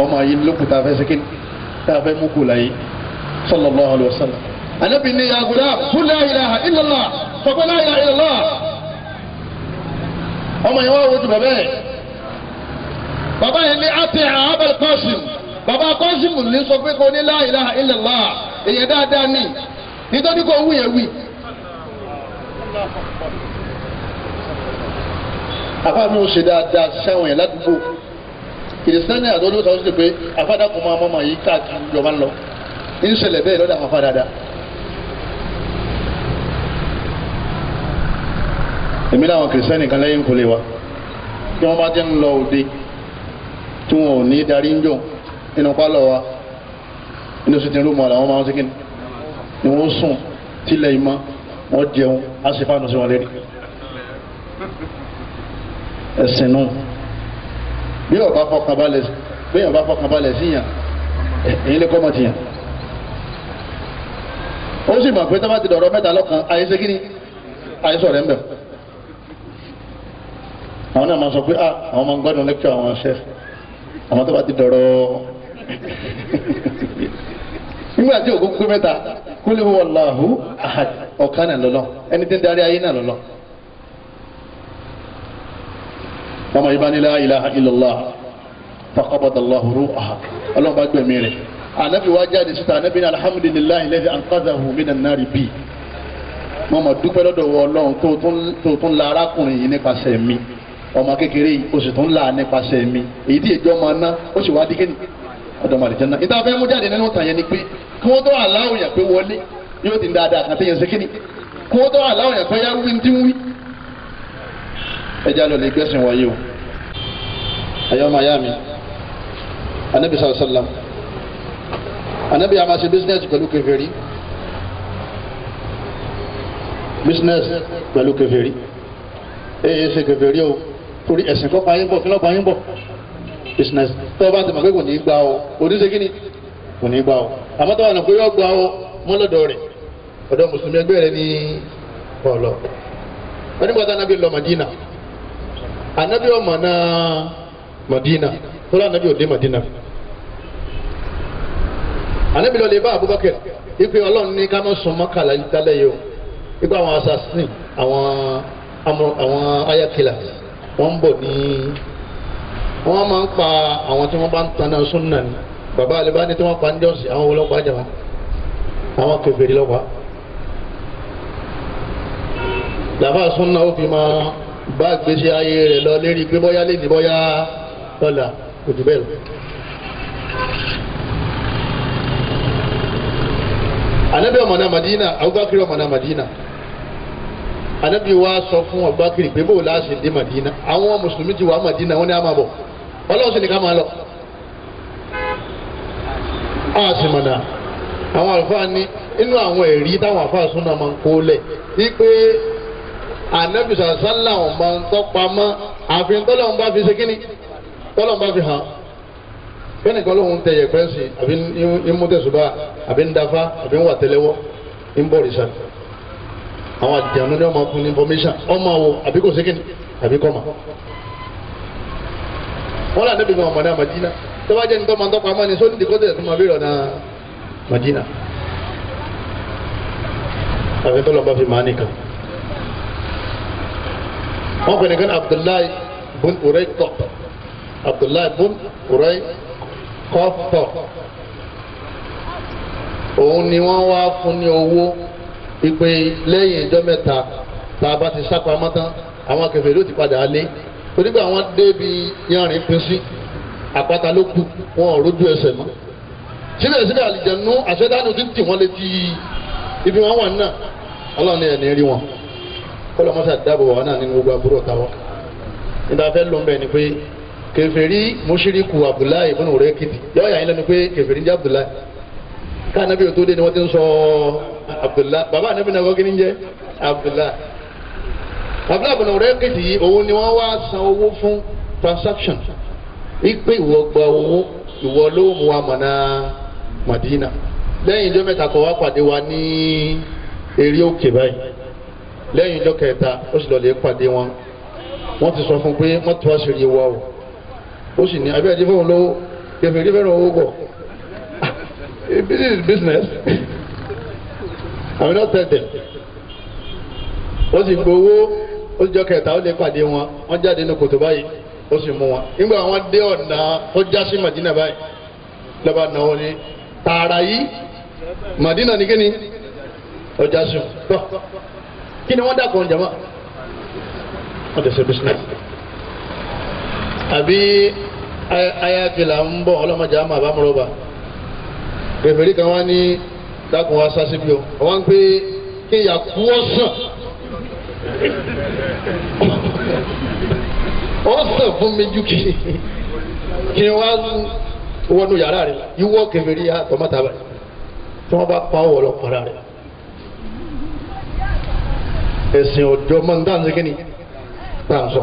ọmọ yìí lókùtà fẹ́ sẹ́kìn tá a fẹ́ mú kù láyé sallallahu alaihi wasallam. anabi ni ya gulam qul la ilaha illallah sọgbẹ la ilaha illallah ọmọ yẹn wá wojú bàbá yẹn bàbá yẹn ní àti Abul Qasim bàbá Qasim ní sọ pé kò ní la ilaha illallah dáadáa ní nítorí kò wú yẹn wí. àbá mi ò ṣe dáadáa sẹ́wọ̀n yẹn ládùúgbò kìrìsìtẹ́nì àtọ́jú sọ sí pé afádà kò máa mọ́mọ́ yìí káàkiri ìjọba ń lọ ń ṣẹlẹ̀ bẹ́ẹ̀ lọ́dọ̀ àwọn afádàdà. èmi làwọn kìrìsìtẹ́nì kan lẹ́yìn kúlẹ̀ wa tí wọ́n bá ti ń lọ òde tí wọn ò ní darí ń jò nínú pálọ̀ wa inú sí ti rúmọ̀ làwọn máa ń síkìn ni wọ́n sùn tilẹ̀ ìmọ̀ wọ́n jẹun á sì fáànù sí wọn lérí ẹ̀sìn náà bí ọba fọkànbalẹ̀ bí ọba fọkànbalẹ̀ síyàn èyí lè kọ́ ọmọ tìyàn ó sì mọ̀ pé tọ́ba ti dọ̀rọ̀ mẹ́ta lọ́kàn àyẹ̀sẹ̀ kí ni àyẹ̀sọ̀ rẹ̀ ń bẹ̀ àwọn náà máa sọ pé ah àwọn máa ń gbádùn lẹ́kítọ̀ àwọn ṣẹ́ àwọn tọ́ba ti dọ̀rọ̀ nígbà tí òkú pé mẹ́ta kúlẹ̀ wọ́n làhú ọ̀kan náà lọ́lọ́ ẹni tí ń darí ayé náà lọ́lọ́. ọmọ yìí bá ní la ilaha illallah faqabada Allahu ruha ọlọ́run bá gbẹ̀mí rẹ̀ anabi wa jáde síta anabi ní alhamdulillahi alladhi anqadhahu minan nari bí mo mọ̀ dúpẹ́ lọ́dọ̀ wọ ọlọ́run tó tún la arákùnrin yìí nípasẹ̀ mi ọmọ kékeré yìí o sì tún la nípasẹ̀ mi èyí tí èjọ́ máa ná ó sì wá dígé ni ọ̀dọ̀mọ̀lì jẹ́ náà ìta fẹ́ mú jáde nínú tàn ni pé kí tó aláwọ̀ yẹn pé wọlé yóò ti dáadáa kàn téèyàn ṣe kíni kí wọ́n tó aláwọ̀ yẹn pé yá wí ní wí ẹjẹ́ àlọ́ lè gbẹ́sìn wọ̀nyí o ẹ̀yọ́ ọmọ ayá mi anabi sallallahu alayhi wa anabi àmà ṣe bísínẹ́sì pẹ̀lú kèfèrí bísínẹ́sì pẹ̀lú kèfèrí èyí ṣe kèfèrí o torí ẹ̀sìn kọ́ pààyàn bọ̀ kílọ̀ pààyàn bọ̀ bísínẹ́sì tó o bá ti mọ̀ pé kò ní í gbà o oníṣe kí ni kò ní í gbà o àmọ́ tó wà nà pé yọ gbà o mọ́lọ́dọ̀ rẹ̀ ọ̀dọ́ mùsùlùmí ẹgbẹ́ rẹ̀ ní ọ̀lọ́ wọ́n ní bàtà anabi lọ Madina anabi ọmọ náà madina wọn lọ anabi òde madina anabi lọ lè bá abubakar ipe ọlọ́run ní ká má sùn mọ́kà lálẹ́ yìí o ipe àwọn assassin àwọn àwọn ayakila wọ́n ń bọ̀ ní wọ́n máa ń pa àwọn tí wọ́n bá ń tanná sunna ni bàbá àlebá ni tí wọ́n pa ń jọ́sìn àwọn ọlọ́pàá jàmá àwọn kèfèrí lọ́pàá làbá sunna ó fi máa. bá gbèsè ayé rẹ̀ lọ lérí pé bóyá lè ní bóyá lọ́la kò jù bẹ́ẹ̀ lọ. anabi ọmọ náà madina abubakar ọmọ náà madina anabi wa sọ fún abubakar pé bóòlá sì dé madina àwọn mùsùlùmí ti wà madina wọn ni a máa bọ̀ ọlọ́run sì ni ká máa lọ. a sì mọ̀nà àwọn àlùfáà ní inú àwọn ẹ̀rí táwọn àfáà súnà máa ń kó lẹ̀ wípé. anabi sàlá ọmọ ntọ́pamọ́ àfihàn tọ́lọ̀ ń bá fi ṣe kíni tọ́lọ̀ ń bá fi hàn fẹ́ni kan lóhun tẹ yẹpẹ́ sí àbí ìmútẹ̀sùbá àbí ńdáfá àbí ńwà tẹ́lẹ́wọ́ ńbọ̀rìṣà àwọn àjànú ni wọ́n máa fún ní information ọmọ àwọ̀ àbí kò ṣe àbí kọ́ wọn mọ̀nà Madina tọ́wọ́ jẹ́ nítorí máa ń tọ́pamọ́ ni sóní dìkọ́tẹ̀ tó máa bí rọ̀ náà Madina àfihàn tọ́lọ̀ ń fi máa nìkan wọ́n pè nìkan abdullahi bun uray tọ̀ abdullahi bun uray kọ́ tọ̀ òun ni wọ́n wá fún ní owó ìpè lẹ́yìn ìjọ mẹ́ta tá a bá ti sápamọ́ tán àwọn kẹfẹ́ ló ti padà lé onígbà wọn débi yanrìn pín sí àpáta ló kù wọn ò rójú ẹsẹ̀ mọ́ síbẹ̀síbẹ̀ àlìjẹ̀nu àṣẹdánù ti ń tì wọ́n létí ibi wọn wà náà ọlọ́run ni ẹ̀ ní rí wọn kọlọmọsà dáàbò wà náà nínú gbogbo àbúrò táwọn níta fẹ́ ló ń ni pé kèfèrí mọ́ṣíríkù abdullahi ibùnú rẹ̀ kìtì yọ̀ọ́ yà yín lẹ́nu pé kèfèrí jẹ́ abdullahi káànábì ò tó dé ni wọ́n ti ń sọ abdullahi bàbá ànábì náà wọ́n kí ni jẹ́ abdullahi abdullahi ibùnú rẹ̀ kìtì yìí òun ni wọ́n wá san owó fún transaction ipe ìwọ gba owó ìwọ ló mú wa mọ̀nà Madina lẹ́yìn ìjọ mẹ́ta kọ̀ wá pàdé wa ní eré òkè báyìí lẹ́yìn ọjọ́ kẹta ó sì lọ́ọ́ lè pàdé wọn wọ́n ti sọ fún pé wọ́n tó àṣírí wa o ó sì ní abẹ́rẹ́ dífẹ́ òun lówó kẹfẹ́ dífẹ́ òun owó kọ̀ ah, this is business I will not tell them ó sì gbowó ó sì jọ kẹta ó lè pàdé wọn wọ́n jáde ní kòtò báyìí ó sì mú wọn nígbà wọn dé ọ̀nà ó já sí Madina báyìí lọ́ba náà ní tààrà yìí Madina ní kíni ọjà sùn tọ́ kí ni wọ́n dàkọ̀ jama wọ́n ti ṣe business àbí ayakila ń bọ̀ ọlọ́mọdé àmọ́ àbámúrọ́bà bèbèrè kan wá ní dákun wá sásí bí o wọ́n ń pè é kéèyàn kú ọ̀sán ọ̀sán fún mi jù kí kí n wá wọnú yàrá rẹ yíwọ́ kẹfẹ́rí àtọ́mọ́tàbà tí wọ́n bá pa ọ̀wọ́ lọ para ẹ̀sìn ọ̀jọ́ mọ́ ní dáhùn sí sọ.